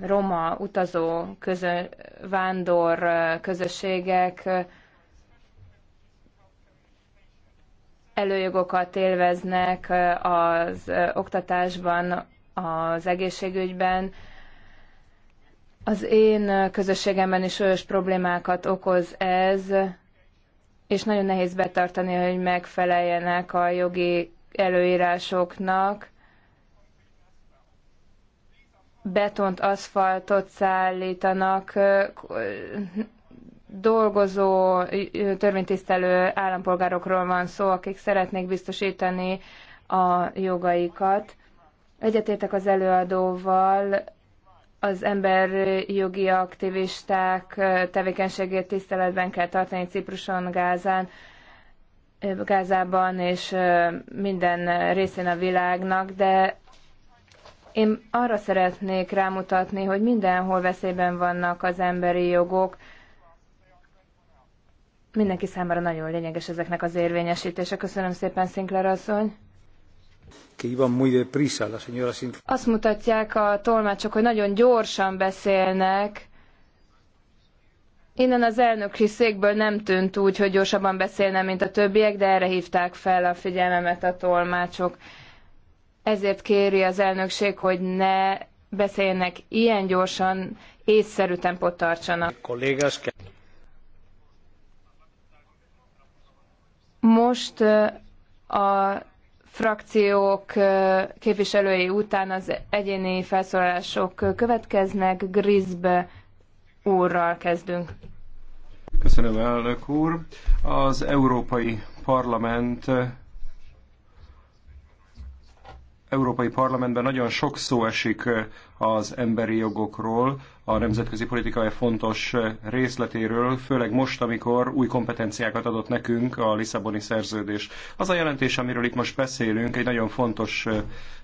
S6: roma utazó közö, vándor közösségek előjogokat élveznek az oktatásban, az egészségügyben. Az én közösségemben is súlyos problémákat okoz ez, és nagyon nehéz betartani, hogy megfeleljenek a jogi előírásoknak betont, aszfaltot szállítanak, dolgozó, törvénytisztelő állampolgárokról van szó, akik szeretnék biztosítani a jogaikat. Egyetértek az előadóval, az emberjogi aktivisták tevékenységét tiszteletben kell tartani Cipruson, Gázán, Gázában és minden részén a világnak, de én arra szeretnék rámutatni, hogy mindenhol veszélyben vannak az emberi jogok. Mindenki számára nagyon lényeges ezeknek az érvényesítése. Köszönöm szépen, Sinclair asszony. Azt mutatják a tolmácsok, hogy nagyon gyorsan beszélnek. Innen az elnöki székből nem tűnt úgy, hogy gyorsabban beszélne, mint a többiek, de erre hívták fel a figyelmemet a tolmácsok. Ezért kéri az elnökség, hogy ne beszéljenek ilyen gyorsan, észszerű tempót tartsanak. Most a frakciók képviselői után az egyéni felszólalások következnek. Grisbe úrral kezdünk.
S7: Köszönöm, elnök úr. Az Európai Parlament Európai Parlamentben nagyon sok szó esik az emberi jogokról, a nemzetközi politikai fontos részletéről, főleg most, amikor új kompetenciákat adott nekünk a Lisszaboni szerződés. Az a jelentés, amiről itt most beszélünk, egy nagyon fontos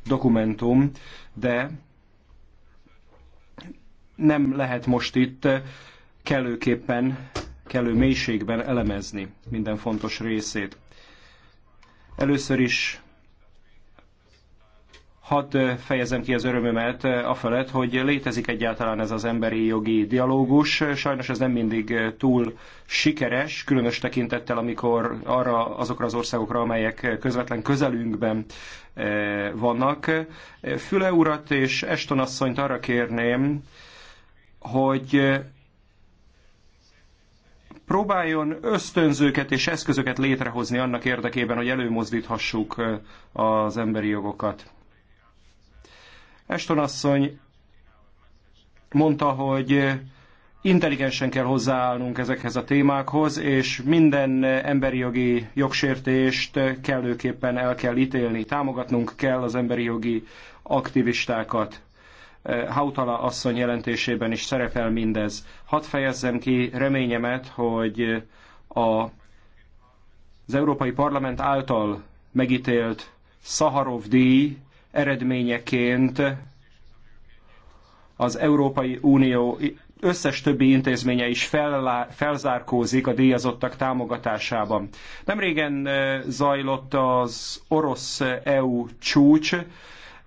S7: dokumentum, de nem lehet most itt kellőképpen, kellő mélységben elemezni minden fontos részét. Először is hadd fejezem ki az örömömet felett, hogy létezik egyáltalán ez az emberi jogi dialógus. Sajnos ez nem mindig túl sikeres, különös tekintettel, amikor arra, azokra az országokra, amelyek közvetlen közelünkben vannak. Füle urat és Eston asszonyt arra kérném, hogy próbáljon ösztönzőket és eszközöket létrehozni annak érdekében, hogy előmozdíthassuk az emberi jogokat. Eston asszony mondta, hogy intelligensen kell hozzáállnunk ezekhez a témákhoz, és minden emberi jogi jogsértést kellőképpen el kell ítélni. Támogatnunk kell az emberi jogi aktivistákat. Hautala asszony jelentésében is szerepel mindez. Hadd fejezzem ki reményemet, hogy a, az Európai Parlament által megítélt Szaharov díj eredményeként az Európai Unió összes többi intézménye is felzárkózik a díjazottak támogatásában. Nemrégen zajlott az orosz-EU csúcs,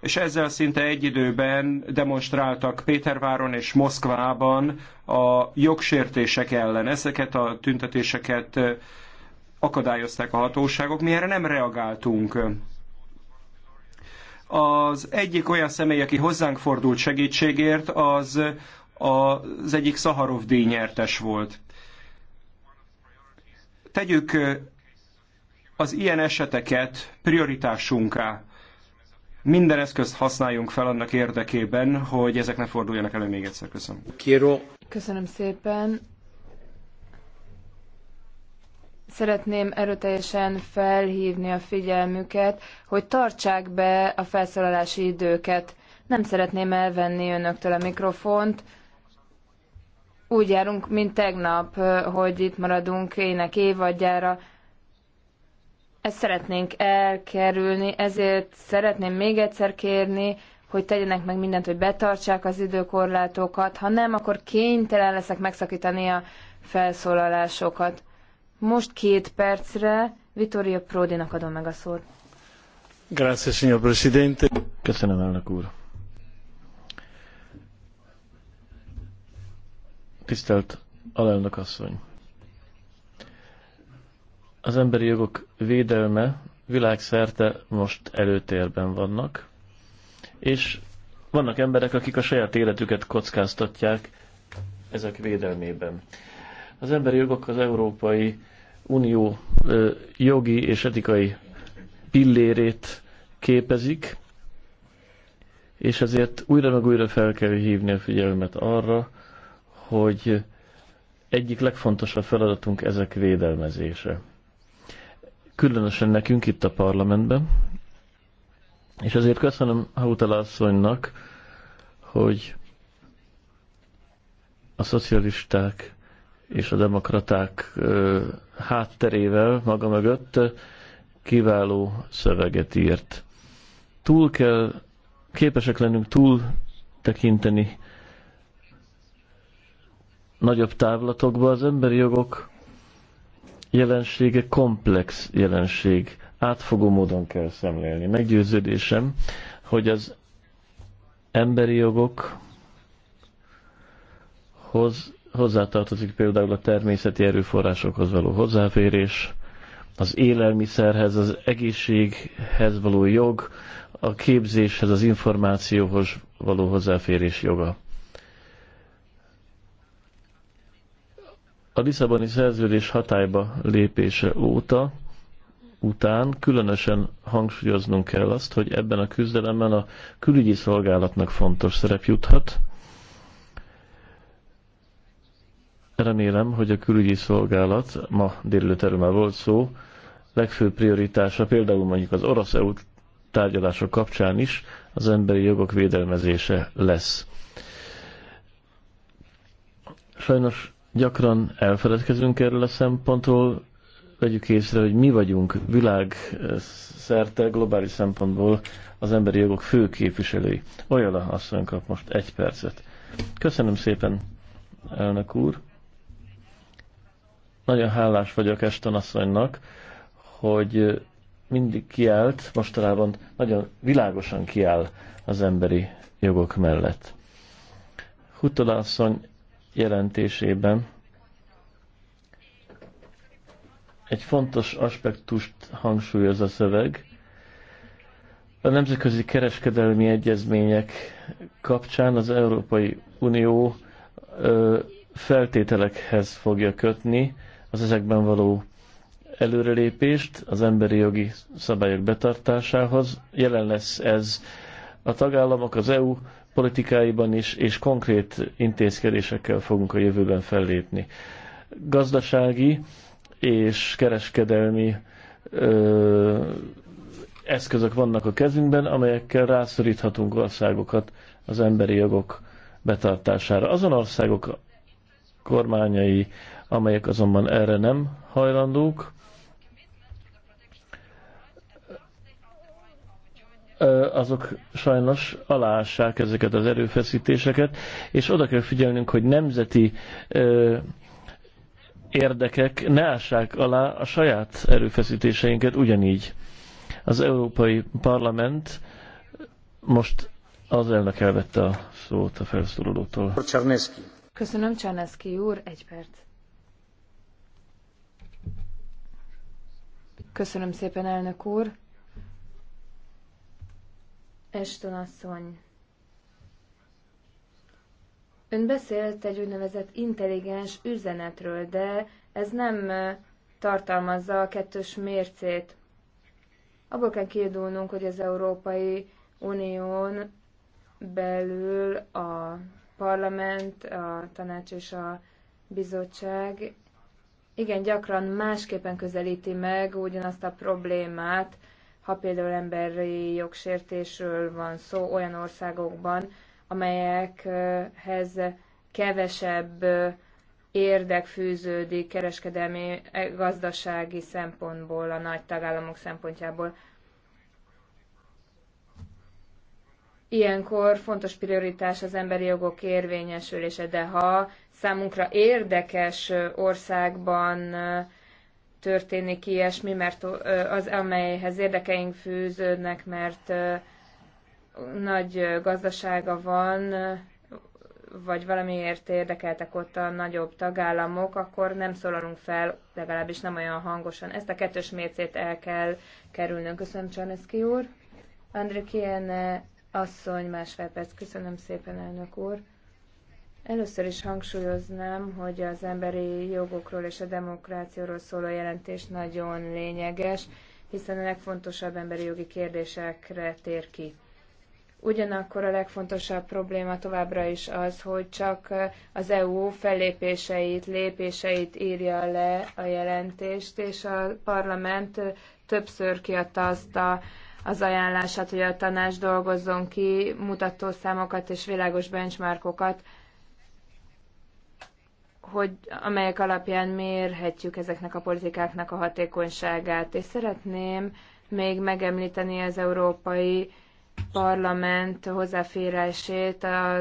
S7: és ezzel szinte egy időben demonstráltak Péterváron és Moszkvában a jogsértések ellen. Ezeket a tüntetéseket akadályozták a hatóságok, mi erre nem reagáltunk. Az egyik olyan személy, aki hozzánk fordult segítségért, az az egyik Szaharov díjnyertes volt. Tegyük az ilyen eseteket prioritásunká. Minden eszközt használjunk fel annak érdekében, hogy ezek ne forduljanak elő még egyszer. Köszönöm.
S6: Köszönöm szépen. Szeretném erőteljesen felhívni a figyelmüket, hogy tartsák be a felszólalási időket. Nem szeretném elvenni önöktől a mikrofont. Úgy járunk, mint tegnap, hogy itt maradunk ének évadjára. Ezt szeretnénk elkerülni, ezért szeretném még egyszer kérni, hogy tegyenek meg mindent, hogy betartsák az időkorlátokat. Ha nem, akkor kénytelen leszek megszakítani a felszólalásokat. Most két percre Vittorio Pródinak adom meg a szót.
S5: Grazie, signor Presidente. Köszönöm, elnök úr. Tisztelt alelnök asszony! Az emberi jogok védelme világszerte most előtérben vannak, és vannak emberek, akik a saját életüket kockáztatják ezek védelmében. Az emberi jogok az európai Unió jogi és etikai pillérét képezik, és ezért újra meg újra fel kell hívni a figyelmet arra, hogy egyik legfontosabb feladatunk ezek védelmezése. Különösen nekünk itt a parlamentben, és azért köszönöm Hautala asszonynak, hogy a szocialisták és a demokraták hátterével maga mögött kiváló szöveget írt. Túl kell, képesek lennünk túl tekinteni nagyobb távlatokba. Az emberi jogok jelensége komplex jelenség. Átfogó módon kell szemlélni. Meggyőződésem, hogy az emberi jogokhoz hozzátartozik például a természeti erőforrásokhoz való hozzáférés, az élelmiszerhez, az egészséghez való jog, a képzéshez, az információhoz való hozzáférés joga. A Lisszaboni szerződés hatályba lépése óta után különösen hangsúlyoznunk kell azt, hogy ebben a küzdelemben a külügyi szolgálatnak fontos szerep juthat, Remélem, hogy a külügyi szolgálat, ma délelőtt erről már volt szó, legfőbb prioritása például mondjuk az orosz EU tárgyalások kapcsán is az emberi jogok védelmezése lesz. Sajnos gyakran elfeledkezünk erről a szempontról, vegyük észre, hogy mi vagyunk világ szerte globális szempontból az emberi jogok fő képviselői. Olyala asszony kap most egy percet. Köszönöm szépen, elnök úr. Nagyon hálás vagyok Eston asszonynak, hogy mindig kiállt, mostanában nagyon világosan kiáll az emberi jogok mellett. Hutola asszony jelentésében egy fontos aspektust hangsúlyoz a szöveg. A nemzetközi kereskedelmi egyezmények kapcsán az Európai Unió feltételekhez fogja kötni az ezekben való előrelépést az emberi jogi szabályok betartásához. Jelen lesz ez a tagállamok, az EU politikáiban is, és konkrét intézkedésekkel fogunk a jövőben fellépni. Gazdasági és kereskedelmi ö, eszközök vannak a kezünkben, amelyekkel rászoríthatunk országokat az emberi jogok betartására. Azon országok kormányai, amelyek azonban erre nem hajlandók. azok sajnos aláássák ezeket az erőfeszítéseket, és oda kell figyelnünk, hogy nemzeti ö, érdekek ne ássák alá a saját erőfeszítéseinket ugyanígy. Az Európai Parlament most az elnök elvette a szót a felszólalótól.
S6: Köszönöm, Csarneszki úr, egy perc. Köszönöm szépen, elnök úr. Eston asszony. Ön beszélt egy úgynevezett intelligens üzenetről, de ez nem tartalmazza a kettős mércét. Abból kell kiindulnunk, hogy az Európai Unión belül a parlament, a tanács és a bizottság igen gyakran másképpen közelíti meg ugyanazt a problémát, ha például emberi jogsértésről van szó olyan országokban, amelyekhez kevesebb érdek fűződik kereskedelmi, eh, gazdasági szempontból, a nagy tagállamok szempontjából. Ilyenkor fontos prioritás az emberi jogok érvényesülése, de ha számunkra érdekes országban történik ilyesmi, mert az, amelyhez érdekeink fűződnek, mert nagy gazdasága van, vagy valamiért érdekeltek ott a nagyobb tagállamok, akkor nem szólalunk fel, legalábbis nem olyan hangosan. Ezt a kettős mércét el kell kerülnünk. Köszönöm, Csaneszki úr. André Kiene asszony, másfél perc. Köszönöm szépen, elnök úr. Először is hangsúlyoznám, hogy az emberi jogokról és a demokrációról szóló jelentés nagyon lényeges, hiszen a legfontosabb emberi jogi kérdésekre tér ki. Ugyanakkor a legfontosabb probléma továbbra is az, hogy csak az EU fellépéseit, lépéseit írja le a jelentést, és a parlament többször kiadta azt a, az ajánlását, hogy a tanács dolgozzon ki mutatószámokat és világos benchmarkokat hogy amelyek alapján mérhetjük ezeknek a politikáknak a hatékonyságát. És szeretném még megemlíteni az Európai Parlament hozzáférését a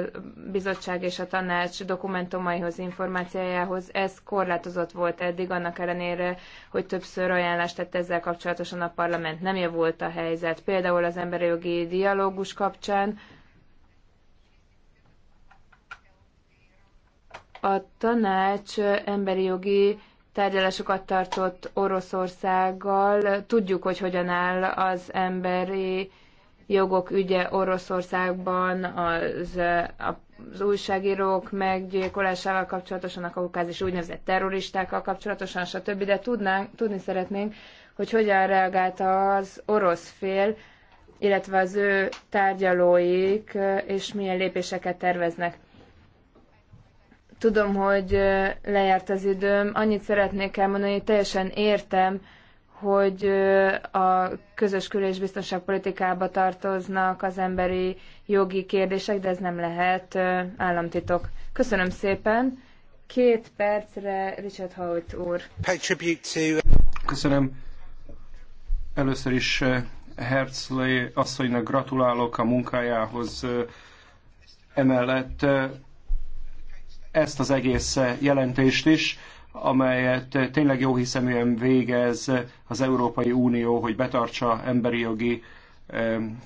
S6: bizottság és a tanács dokumentumaihoz, információjához. Ez korlátozott volt eddig, annak ellenére, hogy többször ajánlást tett ezzel kapcsolatosan a parlament. Nem javult a helyzet. Például az emberi jogi dialógus kapcsán, A tanács emberi jogi tárgyalásokat tartott Oroszországgal. Tudjuk, hogy hogyan áll az emberi jogok ügye Oroszországban, az, az újságírók meggyilkolásával kapcsolatosan, a kaukázis úgynevezett terroristákkal kapcsolatosan, stb. De tudnánk, tudni szeretnénk, hogy hogyan reagált az orosz fél, illetve az ő tárgyalóik, és milyen lépéseket terveznek. Tudom, hogy lejárt az időm. Annyit szeretnék elmondani, hogy teljesen értem, hogy a közös kül- és biztonságpolitikába tartoznak az emberi jogi kérdések, de ez nem lehet államtitok. Köszönöm szépen. Két percre Richard Howitt úr.
S7: Uh, Köszönöm. Először is Herzlé asszonynak gratulálok a munkájához. Emellett ezt az egész jelentést is, amelyet tényleg jóhiszeműen végez az Európai Unió, hogy betartsa emberi jogi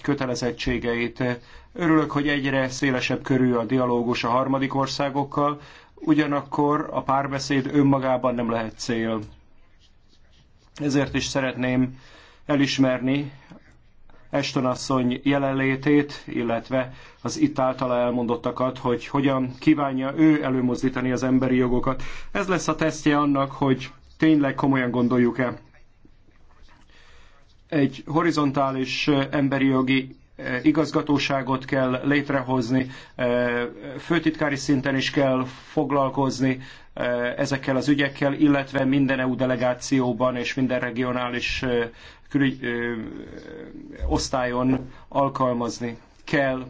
S7: kötelezettségeit. Örülök, hogy egyre szélesebb körű a dialógus a harmadik országokkal, ugyanakkor a párbeszéd önmagában nem lehet cél. Ezért is szeretném elismerni Eston asszony jelenlétét, illetve az itt általa elmondottakat, hogy hogyan kívánja ő előmozdítani az emberi jogokat. Ez lesz a tesztje annak, hogy tényleg komolyan gondoljuk-e egy horizontális eh, emberi jogi eh, igazgatóságot kell létrehozni, eh, főtitkári szinten is kell foglalkozni ezekkel az ügyekkel, illetve minden EU delegációban és minden regionális külügy, ö, osztályon alkalmazni kell.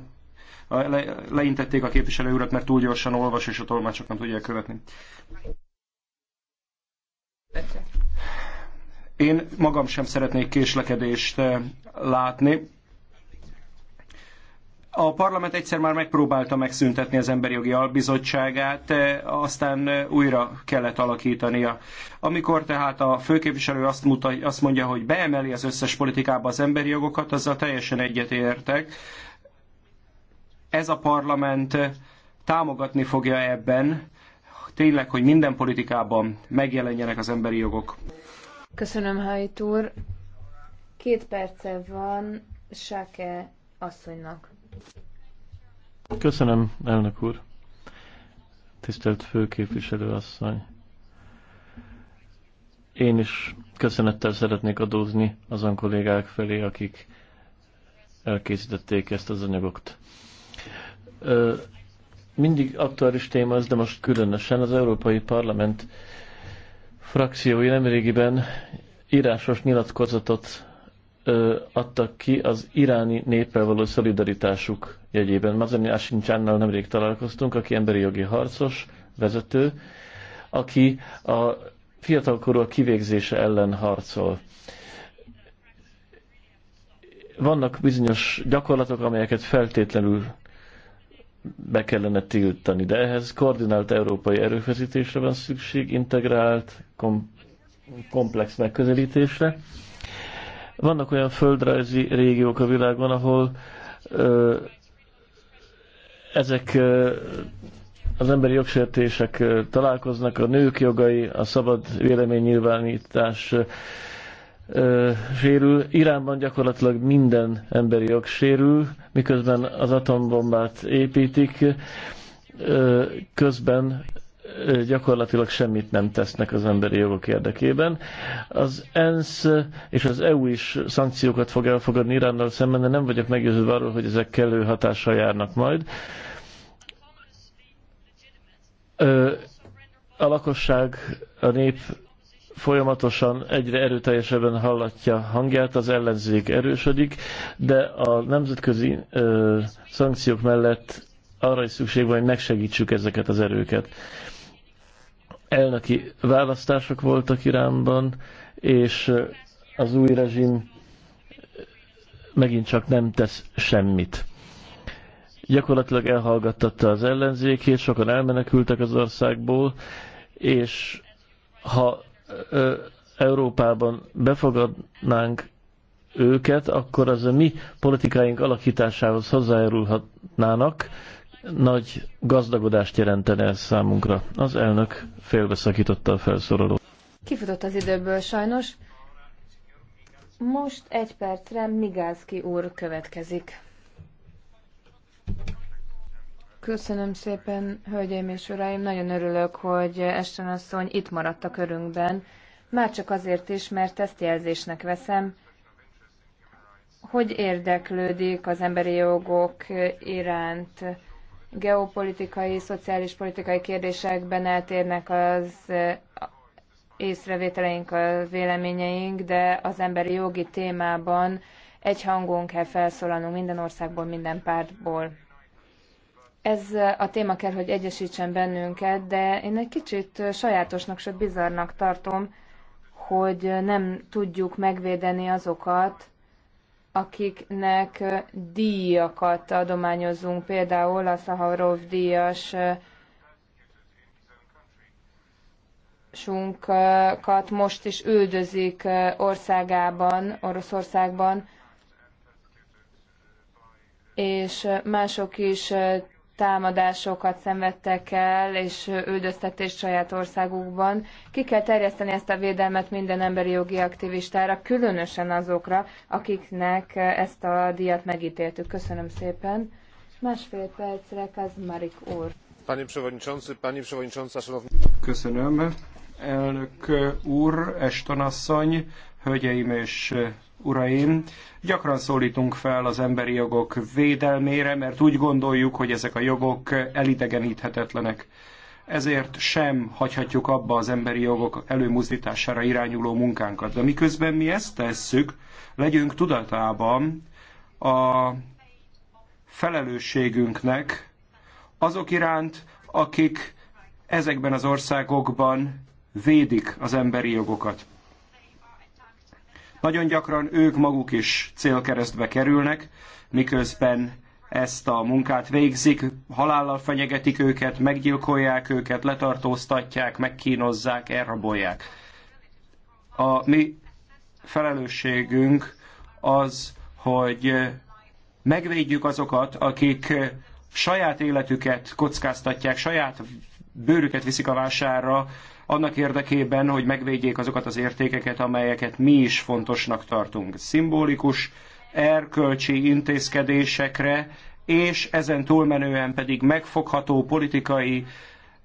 S7: Le, leintették a képviselő urat, mert túl gyorsan olvas, és a tolmácsok nem tudják követni. Én magam sem szeretnék késlekedést látni a parlament egyszer már megpróbálta megszüntetni az Emberi Jogi Albizottságát, eh, aztán eh, újra kellett alakítania. Amikor tehát a főképviselő azt, mutat, azt mondja, hogy beemeli az összes politikába az emberi jogokat, azzal teljesen egyetértek. Ez a parlament eh, támogatni fogja ebben, tényleg, hogy minden politikában megjelenjenek az emberi jogok.
S6: Köszönöm, Hajt úr. Két perce van Sáke asszonynak.
S5: Köszönöm, elnök úr. Tisztelt főképviselő asszony. Én is köszönettel szeretnék adózni azon kollégák felé, akik elkészítették ezt az anyagot. Mindig aktuális téma ez, de most különösen az Európai Parlament frakciói nemrégiben írásos nyilatkozatot ö, adtak ki az iráni néppel való szolidaritásuk jegyében. Mazani Asincsánál nemrég találkoztunk, aki emberi jogi harcos, vezető, aki a fiatalkorúak kivégzése ellen harcol. Vannak bizonyos gyakorlatok, amelyeket feltétlenül be kellene tiltani, de ehhez koordinált európai erőfeszítésre van szükség, integrált, kom- komplex megközelítésre vannak olyan földrajzi régiók a világon, ahol ö, ezek ö, az emberi jogsértések ö, találkoznak, a nők jogai, a szabad véleménynyilvánítás sérül. Iránban gyakorlatilag minden emberi jog sérül, miközben az atombombát építik, ö, közben gyakorlatilag semmit nem tesznek az emberi jogok érdekében. Az ENSZ és az EU is szankciókat fog elfogadni Iránnal szemben, de nem vagyok meggyőződve arról, hogy ezek kellő hatással járnak majd. A lakosság, a nép folyamatosan egyre erőteljesebben hallatja hangját, az ellenzék erősödik, de a nemzetközi szankciók mellett arra is szükség van, hogy megsegítsük ezeket az erőket elnöki választások voltak Iránban, és az új rezsim megint csak nem tesz semmit. Gyakorlatilag elhallgattatta az ellenzékét, sokan elmenekültek az országból, és ha ö, Európában befogadnánk őket, akkor az a mi politikáink alakításához hozzájárulhatnának, nagy gazdagodást jelentene ez számunkra. Az elnök félbeszakította a felszólalót.
S6: Kifutott az időből sajnos. Most egy percre Migázki úr következik. Köszönöm szépen, hölgyeim és uraim. Nagyon örülök, hogy Esten asszony itt maradt a körünkben. Már csak azért is, mert ezt jelzésnek veszem, hogy érdeklődik az emberi jogok iránt geopolitikai, szociális politikai kérdésekben eltérnek az észrevételeink, a véleményeink, de az emberi jogi témában egy hangon kell felszólalnunk minden országból, minden pártból. Ez a téma kell, hogy egyesítsen bennünket, de én egy kicsit sajátosnak, sőt bizarnak tartom, hogy nem tudjuk megvédeni azokat, akiknek díjakat adományozunk, például a Szaharov díjas sunkat most is üldözik országában, Oroszországban, és mások is támadásokat szenvedtek el, és üldöztetést saját országukban. Ki kell terjeszteni ezt a védelmet minden emberi jogi aktivistára, különösen azokra, akiknek ezt a díjat megítéltük. Köszönöm szépen. Másfél percre Kazmarik úr.
S1: Pani przewodniczący, pani przewodnicząca, szanowni...
S7: Köszönöm. Elnök úr, Estonasszony, hölgyeim és uraim, gyakran szólítunk fel az emberi jogok védelmére, mert úgy gondoljuk, hogy ezek a jogok elidegeníthetetlenek. Ezért sem hagyhatjuk abba az emberi jogok előmozdítására irányuló munkánkat. De miközben mi ezt tesszük, legyünk tudatában a felelősségünknek azok iránt, akik ezekben az országokban védik az emberi jogokat. Nagyon gyakran ők maguk is célkeresztbe kerülnek, miközben ezt a munkát végzik, halállal fenyegetik őket, meggyilkolják őket, letartóztatják, megkínozzák, elrabolják. A mi felelősségünk az, hogy megvédjük azokat, akik saját életüket kockáztatják, saját bőrüket viszik a vásárra annak érdekében, hogy megvédjék azokat az értékeket, amelyeket mi is fontosnak tartunk. Szimbolikus, erkölcsi intézkedésekre, és ezen túlmenően pedig megfogható politikai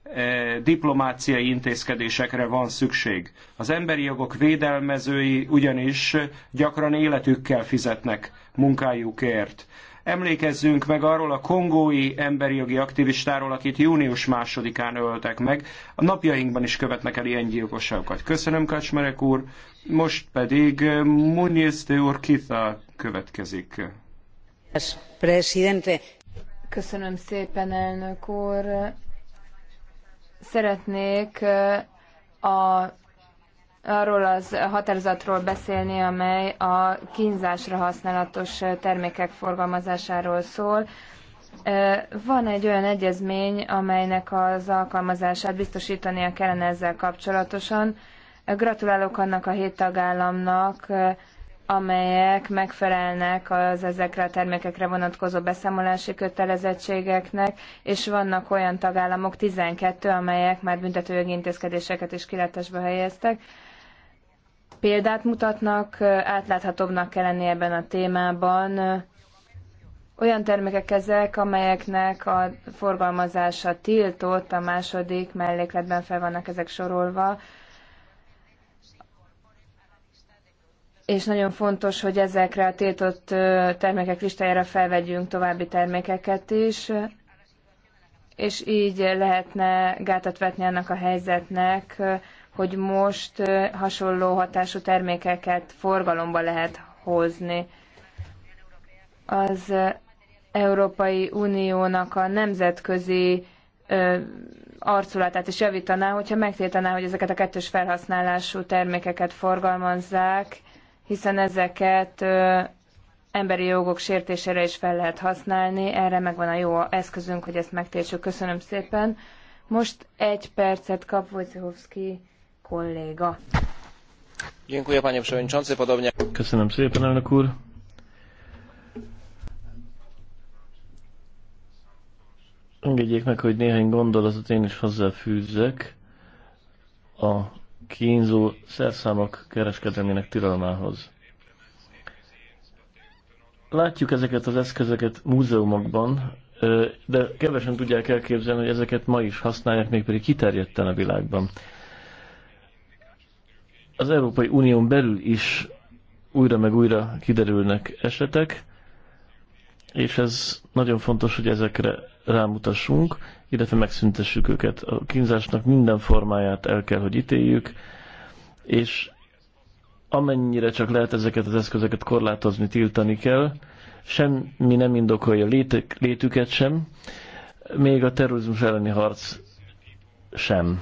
S7: eh, diplomáciai intézkedésekre van szükség. Az emberi jogok védelmezői ugyanis gyakran életükkel fizetnek munkájukért. Emlékezzünk meg arról a kongói emberi jogi aktivistáról, akit június másodikán öltek meg. A napjainkban is követnek el ilyen gyilkosságokat. Köszönöm, Kacsmerek úr. Most pedig eh, Muniz de Urquiza
S3: következik.
S6: Presidente. Köszönöm szépen, elnök úr. Szeretnék eh, a arról az határozatról beszélni, amely a kínzásra használatos termékek forgalmazásáról szól. Van egy olyan egyezmény, amelynek az alkalmazását biztosítania kellene ezzel kapcsolatosan. Gratulálok annak a hét tagállamnak, amelyek megfelelnek az ezekre a termékekre vonatkozó beszámolási kötelezettségeknek, és vannak olyan tagállamok, 12, amelyek már büntetőjogi intézkedéseket is kilátásba helyeztek példát mutatnak, átláthatóbbnak kell lenni ebben a témában. Olyan termékek ezek, amelyeknek a forgalmazása tiltott, a második mellékletben fel vannak ezek sorolva, és nagyon fontos, hogy ezekre a tiltott termékek listájára felvegyünk további termékeket is, és így lehetne gátat vetni annak a helyzetnek, hogy most hasonló hatású termékeket forgalomba lehet hozni. Az Európai Uniónak a nemzetközi arculatát is javítaná, hogyha megtiltaná, hogy ezeket a kettős felhasználású termékeket forgalmazzák, hiszen ezeket emberi jogok sértésére is fel lehet használni. Erre megvan a jó eszközünk, hogy ezt megtiltsuk. Köszönöm szépen. Most egy percet kap Wojciechowski kolléga.
S5: Köszönöm szépen, elnök úr. Engedjék meg, hogy néhány gondolatot én is hozzáfűzzek a kínzó szerszámok kereskedelmének tilalmához. Látjuk ezeket az eszközöket múzeumokban, de kevesen tudják elképzelni, hogy ezeket ma is használják, mégpedig kiterjedten a világban az Európai Unión belül is újra meg újra kiderülnek esetek, és ez nagyon fontos, hogy ezekre rámutassunk, illetve megszüntessük őket. A kínzásnak minden formáját el kell, hogy ítéljük, és amennyire csak lehet ezeket az eszközöket korlátozni, tiltani kell, semmi nem indokolja létük, létüket sem, még a terrorizmus elleni harc sem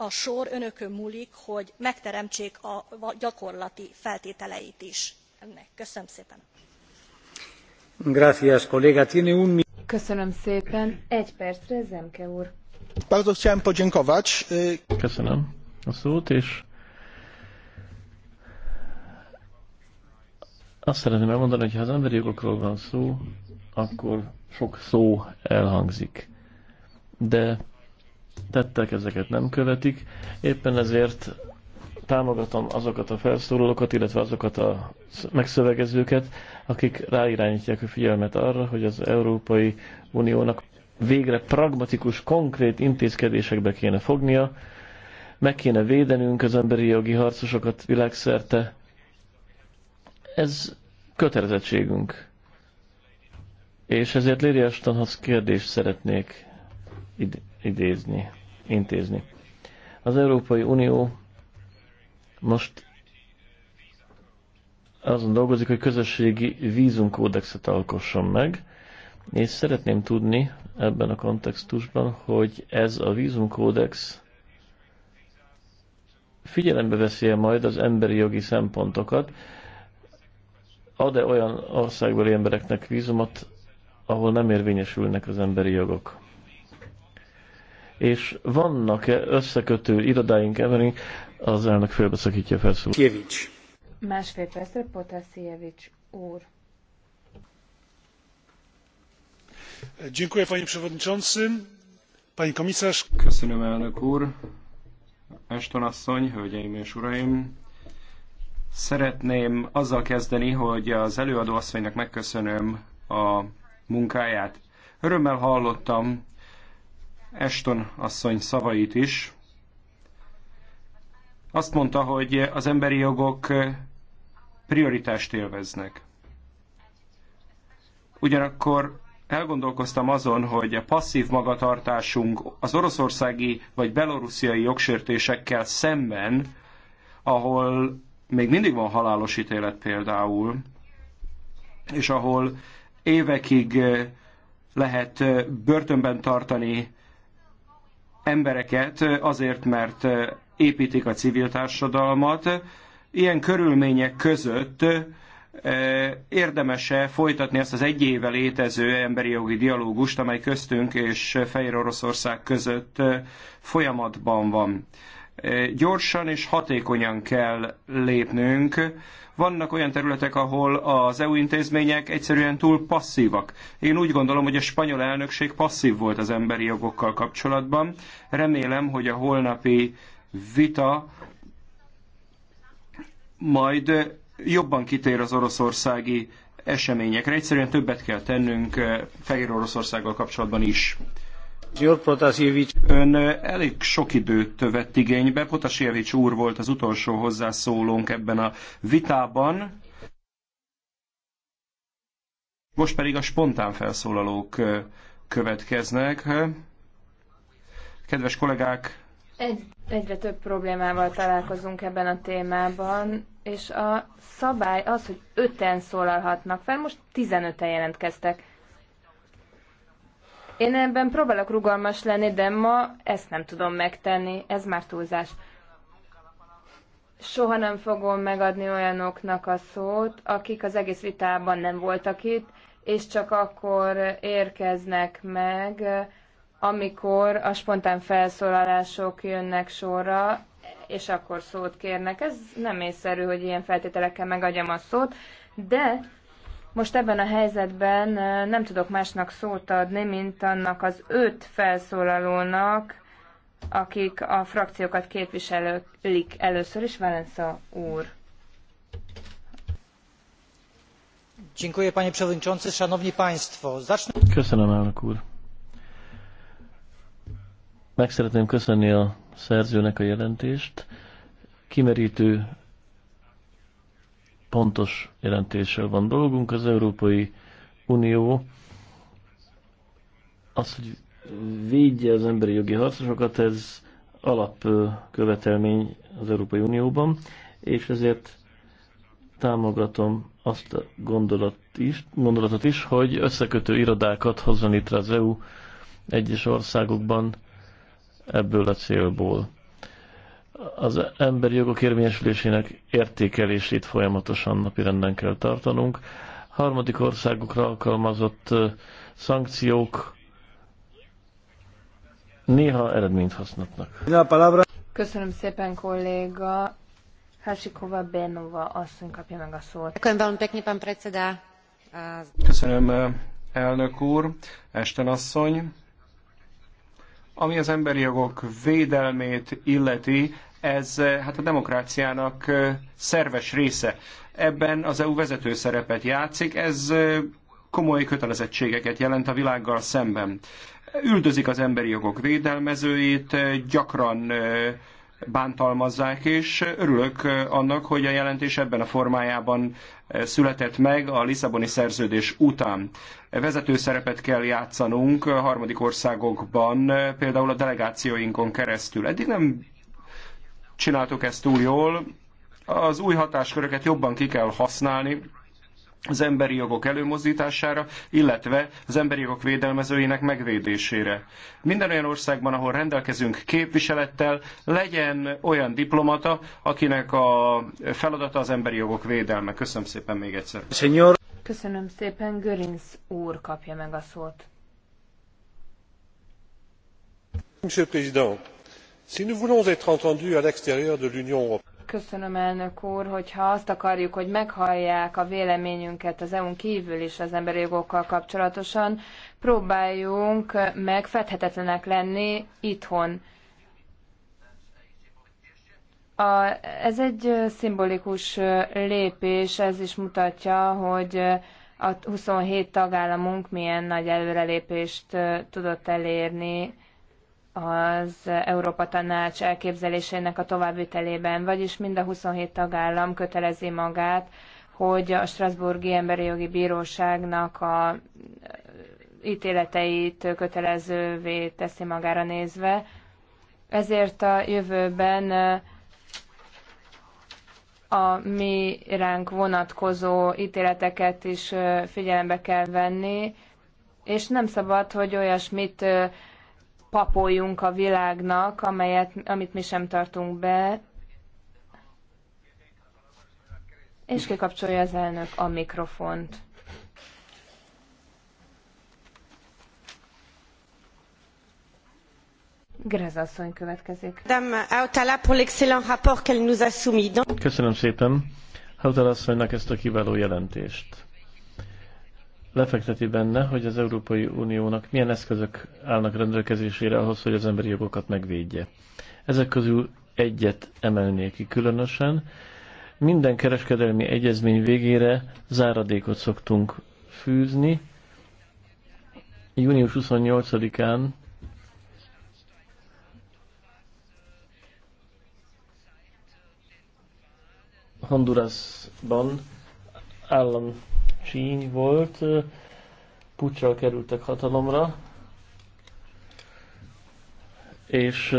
S4: a sor önökön múlik hogy megteremtsék a gyakorlati feltételeit is ennek. köszönöm szépen!
S6: Gracias, kolléga. Tiene un... Köszönöm szépen. Egy percre Zemke úr.
S1: Bardzo chciałem podziękować. Köszönöm a szót,
S5: és azt szeretném elmondani, hogy ha az emberi jogokról van szó, akkor sok szó elhangzik. De tettek, ezeket nem követik. Éppen ezért támogatom azokat a felszólalókat, illetve azokat a megszövegezőket, akik ráirányítják a figyelmet arra, hogy az Európai Uniónak végre pragmatikus, konkrét intézkedésekbe kéne fognia, meg kéne védenünk az emberi jogi harcosokat világszerte. Ez kötelezettségünk. És ezért Léria Stanhoz kérdést szeretnék idézni, intézni. Az Európai Unió most azon dolgozik, hogy közösségi vízumkódexet alkosson meg, és szeretném tudni ebben a kontextusban, hogy ez a vízumkódex figyelembe veszi -e majd az emberi jogi szempontokat, ad-e olyan országbeli embereknek vízumot, ahol nem érvényesülnek az emberi jogok és vannak-e összekötő irodáink, Everink, az elnök félbeszakítja a felszólalást. Kievics.
S6: Másfél percre Potasievics
S4: úr.
S1: Dziękuję panie przewodniczący, pani komisarz. Köszönöm elnök úr, Eston asszony,
S7: hölgyeim és uraim. Szeretném azzal kezdeni, hogy az előadó asszonynak megköszönöm a munkáját. Örömmel hallottam Ashton asszony szavait is. Azt mondta, hogy az emberi jogok prioritást élveznek. Ugyanakkor elgondolkoztam azon, hogy a passzív magatartásunk az oroszországi vagy belorussziai jogsértésekkel szemben, ahol még mindig van halálos ítélet például, és ahol évekig lehet börtönben tartani embereket azért, mert építik a civil társadalmat. Ilyen körülmények között érdemese folytatni azt az egy éve létező emberi jogi dialógust, amely köztünk és Fehér Oroszország között folyamatban van. Gyorsan és hatékonyan kell lépnünk, vannak olyan területek, ahol az EU intézmények egyszerűen túl passzívak. Én úgy gondolom, hogy a spanyol elnökség passzív volt az emberi jogokkal kapcsolatban. Remélem, hogy a holnapi vita majd jobban kitér az oroszországi eseményekre. Egyszerűen többet kell tennünk eh, Fehér Oroszországgal kapcsolatban is. Ön elég sok időt vett igénybe. Potasievics úr volt az utolsó hozzászólónk ebben a vitában. Most pedig a spontán felszólalók következnek. Kedves kollégák!
S6: Egy, egyre több problémával találkozunk ebben a témában, és a szabály az, hogy öten szólalhatnak fel, most 15-en jelentkeztek. Én ebben próbálok rugalmas lenni, de ma ezt nem tudom megtenni, ez már túlzás. Soha nem fogom megadni olyanoknak a szót, akik az egész vitában nem voltak itt, és csak akkor érkeznek meg, amikor a spontán felszólalások jönnek sorra, és akkor szót kérnek. Ez nem észszerű, hogy ilyen feltételekkel megadjam a szót, de most ebben a helyzetben nem tudok másnak szót adni, mint annak az öt felszólalónak, akik a frakciókat képviselik először is, Valenza úr. Dziękuję, panie przewodniczący,
S1: szanowni państwo. Zacznę...
S5: Köszönöm, elnök úr. Meg szeretném köszönni a szerzőnek a jelentést. Kimerítő pontos jelentéssel van dolgunk. Az Európai Unió az, hogy védje az emberi jogi harcosokat, ez alapkövetelmény az Európai Unióban, és ezért támogatom azt a gondolat is, gondolatot is, hogy összekötő irodákat hozzon létre az EU egyes országokban ebből a célból az emberi jogok érvényesülésének értékelését folyamatosan renden kell tartanunk. Harmadik országokra alkalmazott szankciók néha eredményt használnak.
S6: Köszönöm szépen, kolléga. Hasikova Benova asszony kapja meg a szót.
S7: Köszönöm, elnök úr, Esten asszony. Ami az emberi jogok védelmét illeti, ez eh, hát a demokráciának eh, szerves része. Ebben az EU vezető szerepet játszik, ez eh, komoly kötelezettségeket jelent a világgal szemben. Üldözik az emberi jogok védelmezőit, gyakran bántalmazzák, és örülök annak, hogy a jelentés ebben a formájában született meg a Lisszaboni szerződés után. Vezető szerepet kell játszanunk harmadik országokban, például a delegációinkon keresztül. Eddig nem csináltuk ezt túl jól. Az új hatásköröket jobban ki kell használni, az emberi jogok előmozdítására, illetve az emberi jogok védelmezőinek megvédésére. Minden olyan országban, ahol rendelkezünk képviselettel, legyen olyan diplomata, akinek a feladata az emberi jogok védelme. Köszönöm szépen még egyszer.
S4: Senyor.
S6: Köszönöm szépen, Görinsz úr kapja meg a szót.
S1: Monsieur Président, si nous voulons être entendus à l'extérieur de l'union européenne
S6: Köszönöm, elnök úr, hogyha azt akarjuk, hogy meghallják a véleményünket az EU-n kívül is az emberi jogokkal kapcsolatosan, próbáljunk meg fedhetetlenek lenni itthon. A, ez egy szimbolikus lépés, ez is mutatja, hogy a 27 tagállamunk milyen nagy előrelépést tudott elérni az Európa Tanács elképzelésének a továbbvitelében, vagyis mind a 27 tagállam kötelezi magát, hogy a Strasburgi Emberi Jogi Bíróságnak a ítéleteit kötelezővé teszi magára nézve. Ezért a jövőben a mi ránk vonatkozó ítéleteket is figyelembe kell venni, és nem szabad, hogy olyasmit papoljunk a világnak, amelyet, amit mi sem tartunk be. És kikapcsolja az elnök a mikrofont. Grezasszony következik.
S5: Köszönöm szépen Hautala asszonynak ezt a kiváló jelentést lefekteti benne, hogy az Európai Uniónak milyen eszközök állnak rendelkezésére ahhoz, hogy az emberi jogokat megvédje. Ezek közül egyet emelnék ki különösen. Minden kereskedelmi egyezmény végére záradékot szoktunk fűzni. Június 28-án Hondurasban állam csíny volt, pucsal kerültek hatalomra, és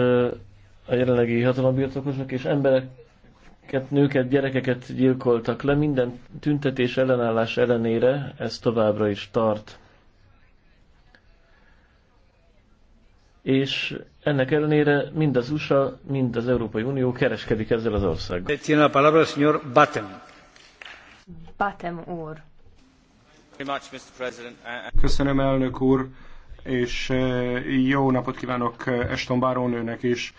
S5: a jelenlegi hatalombirtokosok és embereket, nőket, gyerekeket gyilkoltak le. Minden tüntetés ellenállás ellenére ez továbbra is tart. És ennek ellenére mind az USA, mind az Európai Unió kereskedik ezzel az országgal. Tiene la palabra el señor Batten.
S6: Batten úr.
S7: Uh, uh, Köszönöm, elnök úr, és uh, jó napot kívánok Eston barónőnek is.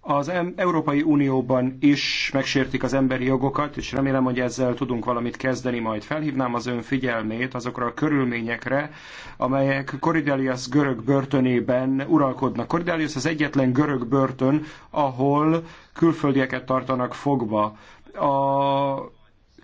S7: Az Európai Unióban is megsértik az emberi jogokat, és remélem, hogy ezzel tudunk valamit kezdeni majd. Felhívnám az ön figyelmét azokra a körülményekre, amelyek Korydelius görög börtönében uralkodnak. Korydelius az egyetlen görög börtön, ahol külföldieket tartanak fogva. A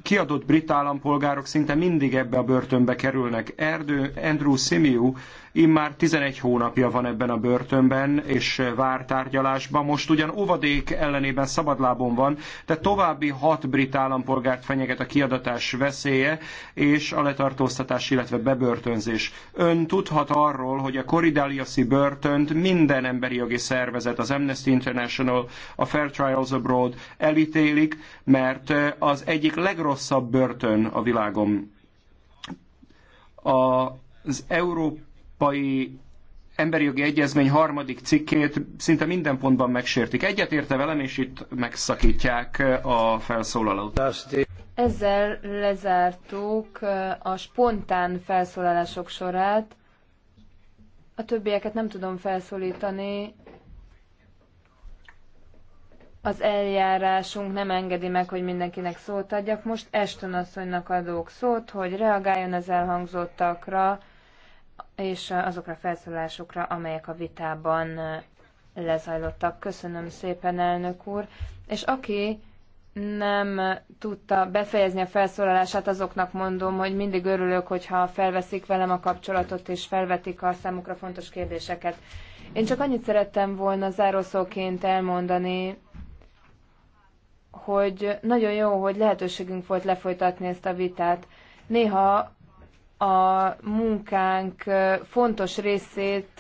S7: kiadott brit állampolgárok szinte mindig ebbe a börtönbe kerülnek. Erdő, Andrew Simiu Immár 11 hónapja van ebben a börtönben, és vár tárgyalásban. Most ugyan óvadék ellenében szabadlábon van, de további hat brit állampolgárt fenyeget a kiadatás veszélye, és a letartóztatás, illetve bebörtönzés. Ön tudhat arról, hogy a Koridaliasi börtönt minden emberi jogi szervezet, az Amnesty International, a Fair Trials Abroad elítélik, mert az egyik legrosszabb börtön a világon. az Európa Európai Emberi Jogi Egyezmény harmadik cikkét szinte minden pontban megsértik. Egyetérte velem, és itt megszakítják a felszólalót.
S6: Ezzel lezártuk a spontán felszólalások sorát. A többieket nem tudom felszólítani. Az eljárásunk nem engedi meg, hogy mindenkinek szót adjak. Most Eston asszonynak adok szót, hogy reagáljon az elhangzottakra és azokra a felszólásokra, amelyek a vitában lezajlottak. Köszönöm szépen, elnök úr. És aki nem tudta befejezni a felszólalását, azoknak mondom, hogy mindig örülök, hogyha felveszik velem a kapcsolatot, és felvetik a számukra fontos kérdéseket. Én csak annyit szerettem volna zárószóként elmondani, hogy nagyon jó, hogy lehetőségünk volt lefolytatni ezt a vitát. Néha a munkánk fontos részét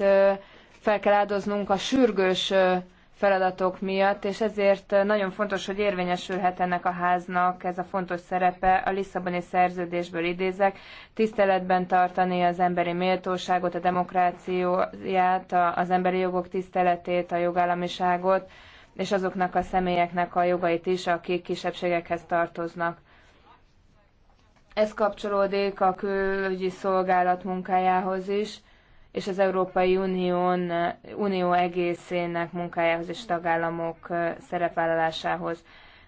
S6: fel kell áldoznunk a sürgős feladatok miatt, és ezért nagyon fontos, hogy érvényesülhet ennek a háznak ez a fontos szerepe. A Lisszaboni szerződésből idézek, tiszteletben tartani az emberi méltóságot, a demokráciáját, az emberi jogok tiszteletét, a jogállamiságot, és azoknak a személyeknek a jogait is, akik kisebbségekhez tartoznak. Ez kapcsolódik a külügyi szolgálat munkájához is, és az Európai Unión, Unió egészének munkájához és tagállamok szerepvállalásához.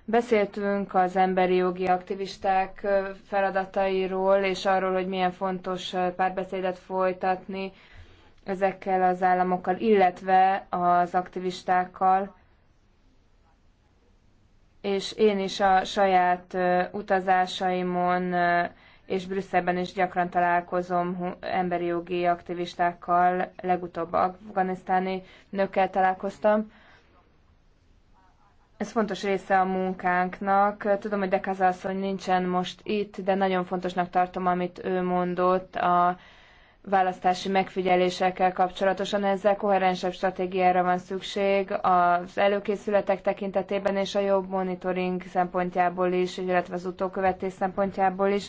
S6: Beszéltünk az emberi jogi aktivisták feladatairól, és arról, hogy milyen fontos párbeszédet folytatni ezekkel az államokkal, illetve az aktivistákkal, és én is a saját utazásaimon és Brüsszelben is gyakran találkozom emberi jogi aktivistákkal, legutóbb afganisztáni nőkkel találkoztam. Ez fontos része a munkánknak. Tudom, hogy Dekaza asszony nincsen most itt, de nagyon fontosnak tartom, amit ő mondott a választási megfigyelésekkel kapcsolatosan. Ezzel koherensebb stratégiára van szükség az előkészületek tekintetében és a jobb monitoring szempontjából is, illetve az utókövetés szempontjából is.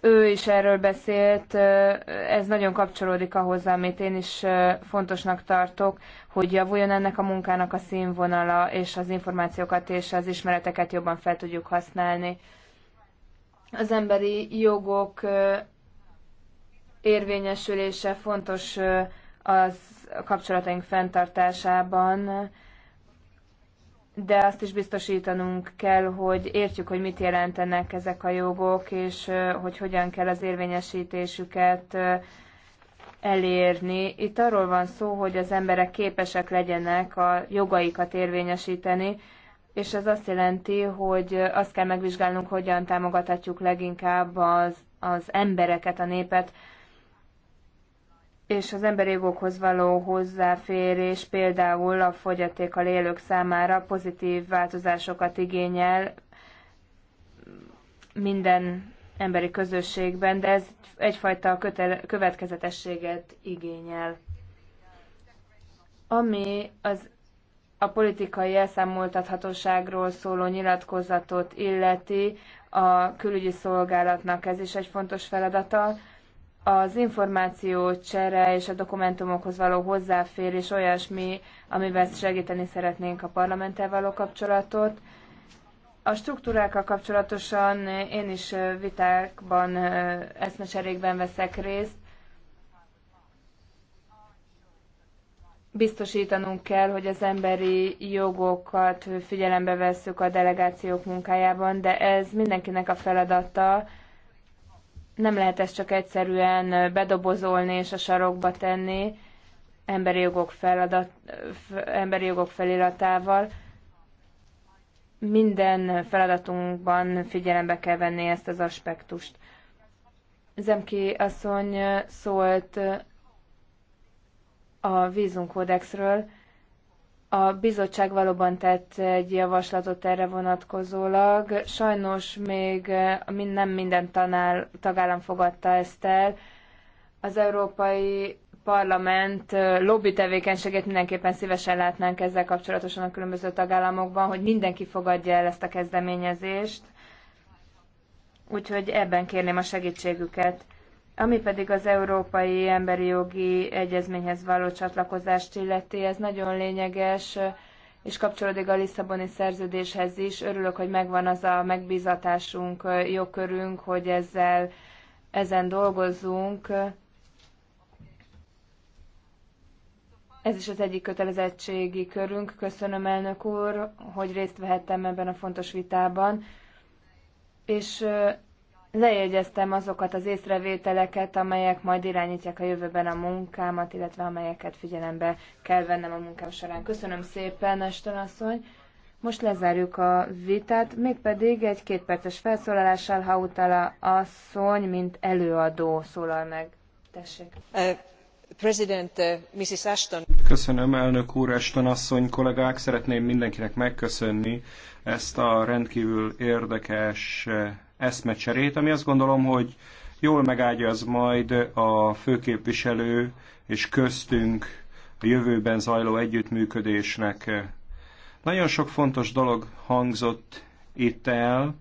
S6: Ő is erről beszélt, ez nagyon kapcsolódik ahhoz, amit én is fontosnak tartok, hogy javuljon ennek a munkának a színvonala, és az információkat és az ismereteket jobban fel tudjuk használni. Az emberi jogok érvényesülése fontos az kapcsolataink fenntartásában, de azt is biztosítanunk kell, hogy értjük, hogy mit jelentenek ezek a jogok, és hogy hogyan kell az érvényesítésüket elérni. Itt arról van szó, hogy az emberek képesek legyenek a jogaikat érvényesíteni, és ez azt jelenti, hogy azt kell megvizsgálnunk, hogyan támogathatjuk leginkább az, az embereket, a népet és az emberi jogokhoz való hozzáférés például a fogyatékkal élők számára pozitív változásokat igényel minden emberi közösségben, de ez egyfajta kötele, következetességet igényel. Ami az a politikai elszámoltathatóságról szóló nyilatkozatot illeti, a külügyi szolgálatnak ez is egy fontos feladata az információcsere és a dokumentumokhoz való hozzáférés olyasmi, amivel segíteni szeretnénk a parlamenttel való kapcsolatot. A struktúrákkal kapcsolatosan én is vitákban, eszmecserékben veszek részt. Biztosítanunk kell, hogy az emberi jogokat figyelembe vesszük a delegációk munkájában, de ez mindenkinek a feladata, nem lehet ezt csak egyszerűen bedobozolni és a sarokba tenni emberi jogok, feladat, emberi jogok feliratával. Minden feladatunkban figyelembe kell venni ezt az aspektust. Zemki asszony szólt a vízunkódexről, a bizottság valóban tett egy javaslatot erre vonatkozólag. Sajnos még eh, nem minden tanál, tagállam fogadta ezt el. Az Európai Parlament eh, lobby tevékenységét mindenképpen szívesen látnánk ezzel kapcsolatosan a különböző tagállamokban, hogy mindenki fogadja el ezt a kezdeményezést. Úgyhogy ebben kérném a segítségüket. Ami pedig az Európai Emberi Jogi Egyezményhez való csatlakozást illeti, ez nagyon lényeges, és kapcsolódik a Lisszaboni szerződéshez is. Örülök, hogy megvan az a megbízatásunk, jogkörünk, hogy ezzel ezen dolgozzunk. Ez is az egyik kötelezettségi körünk. Köszönöm, elnök úr, hogy részt vehettem ebben a fontos vitában. És Lejegyeztem azokat az észrevételeket, amelyek majd irányítják a jövőben a munkámat, illetve amelyeket figyelembe kell vennem a munkám során. Köszönöm szépen, Eston asszony! Most lezárjuk a vitát, mégpedig egy kétperces felszólalással ha utala asszony, mint előadó szólal meg. Tessék. Uh, President, uh, Mrs. Ashton.
S7: Köszönöm, elnök úr, Ashton asszony, kollégák. Szeretném mindenkinek megköszönni ezt a rendkívül érdekes eszmecserét, ami azt gondolom, hogy jól az majd a főképviselő és köztünk a jövőben zajló együttműködésnek. Nagyon sok fontos dolog hangzott itt el.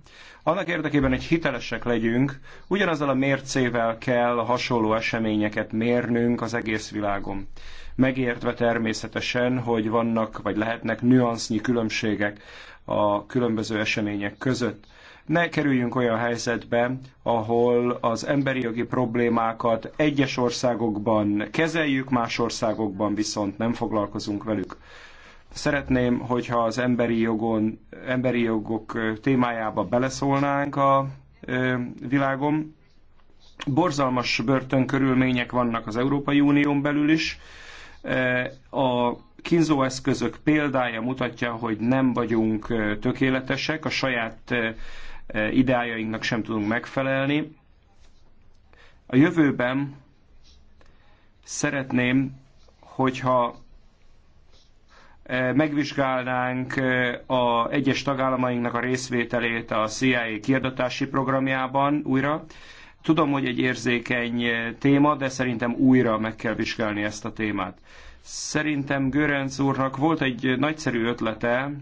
S7: Annak érdekében, hogy hitelesek legyünk, ugyanazzal a mércével kell a hasonló eseményeket mérnünk az egész világon. Megértve természetesen, hogy vannak vagy lehetnek nüansznyi különbségek a különböző események között ne kerüljünk olyan helyzetbe, ahol az emberi jogi problémákat egyes országokban kezeljük, más országokban viszont nem foglalkozunk velük. Szeretném, hogyha az emberi, jogon, emberi jogok témájába beleszólnánk a világon. Borzalmas börtönkörülmények vannak az Európai Unión belül is. A kínzóeszközök példája mutatja, hogy nem vagyunk tökéletesek, a saját ideájainknak sem tudunk megfelelni. A jövőben szeretném, hogyha eh, megvizsgálnánk eh, a egyes tagállamainknak a részvételét a CIA kiadatási programjában újra. Tudom, hogy egy érzékeny eh, téma, de szerintem újra meg kell vizsgálni ezt a témát. Szerintem Görenc úrnak volt egy nagyszerű ötlete,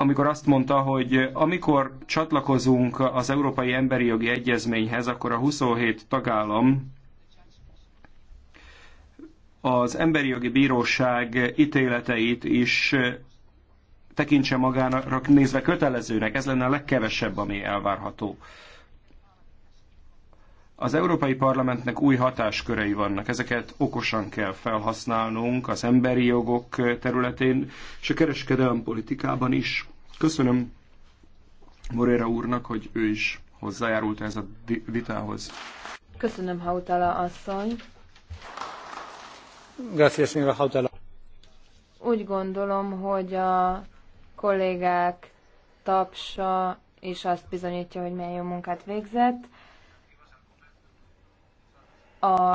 S7: amikor azt mondta, hogy eh, amikor csatlakozunk az Európai Emberi Jogi Egyezményhez, akkor a 27 tagállam az Emberi Jogi Bíróság ítéleteit is eh, tekintse magának nézve kötelezőnek. Ez lenne a legkevesebb, ami elvárható. Az Európai Parlamentnek új hatáskörei vannak, ezeket okosan kell felhasználnunk az emberi jogok területén, és a kereskedelmi politikában is. Köszönöm Morera úrnak, hogy ő is hozzájárult ez a vitához.
S6: Köszönöm, Hautala asszony.
S1: Gracias, señora Hautala.
S6: Úgy gondolom, hogy a kollégák tapsa és azt bizonyítja, hogy milyen jó munkát végzett a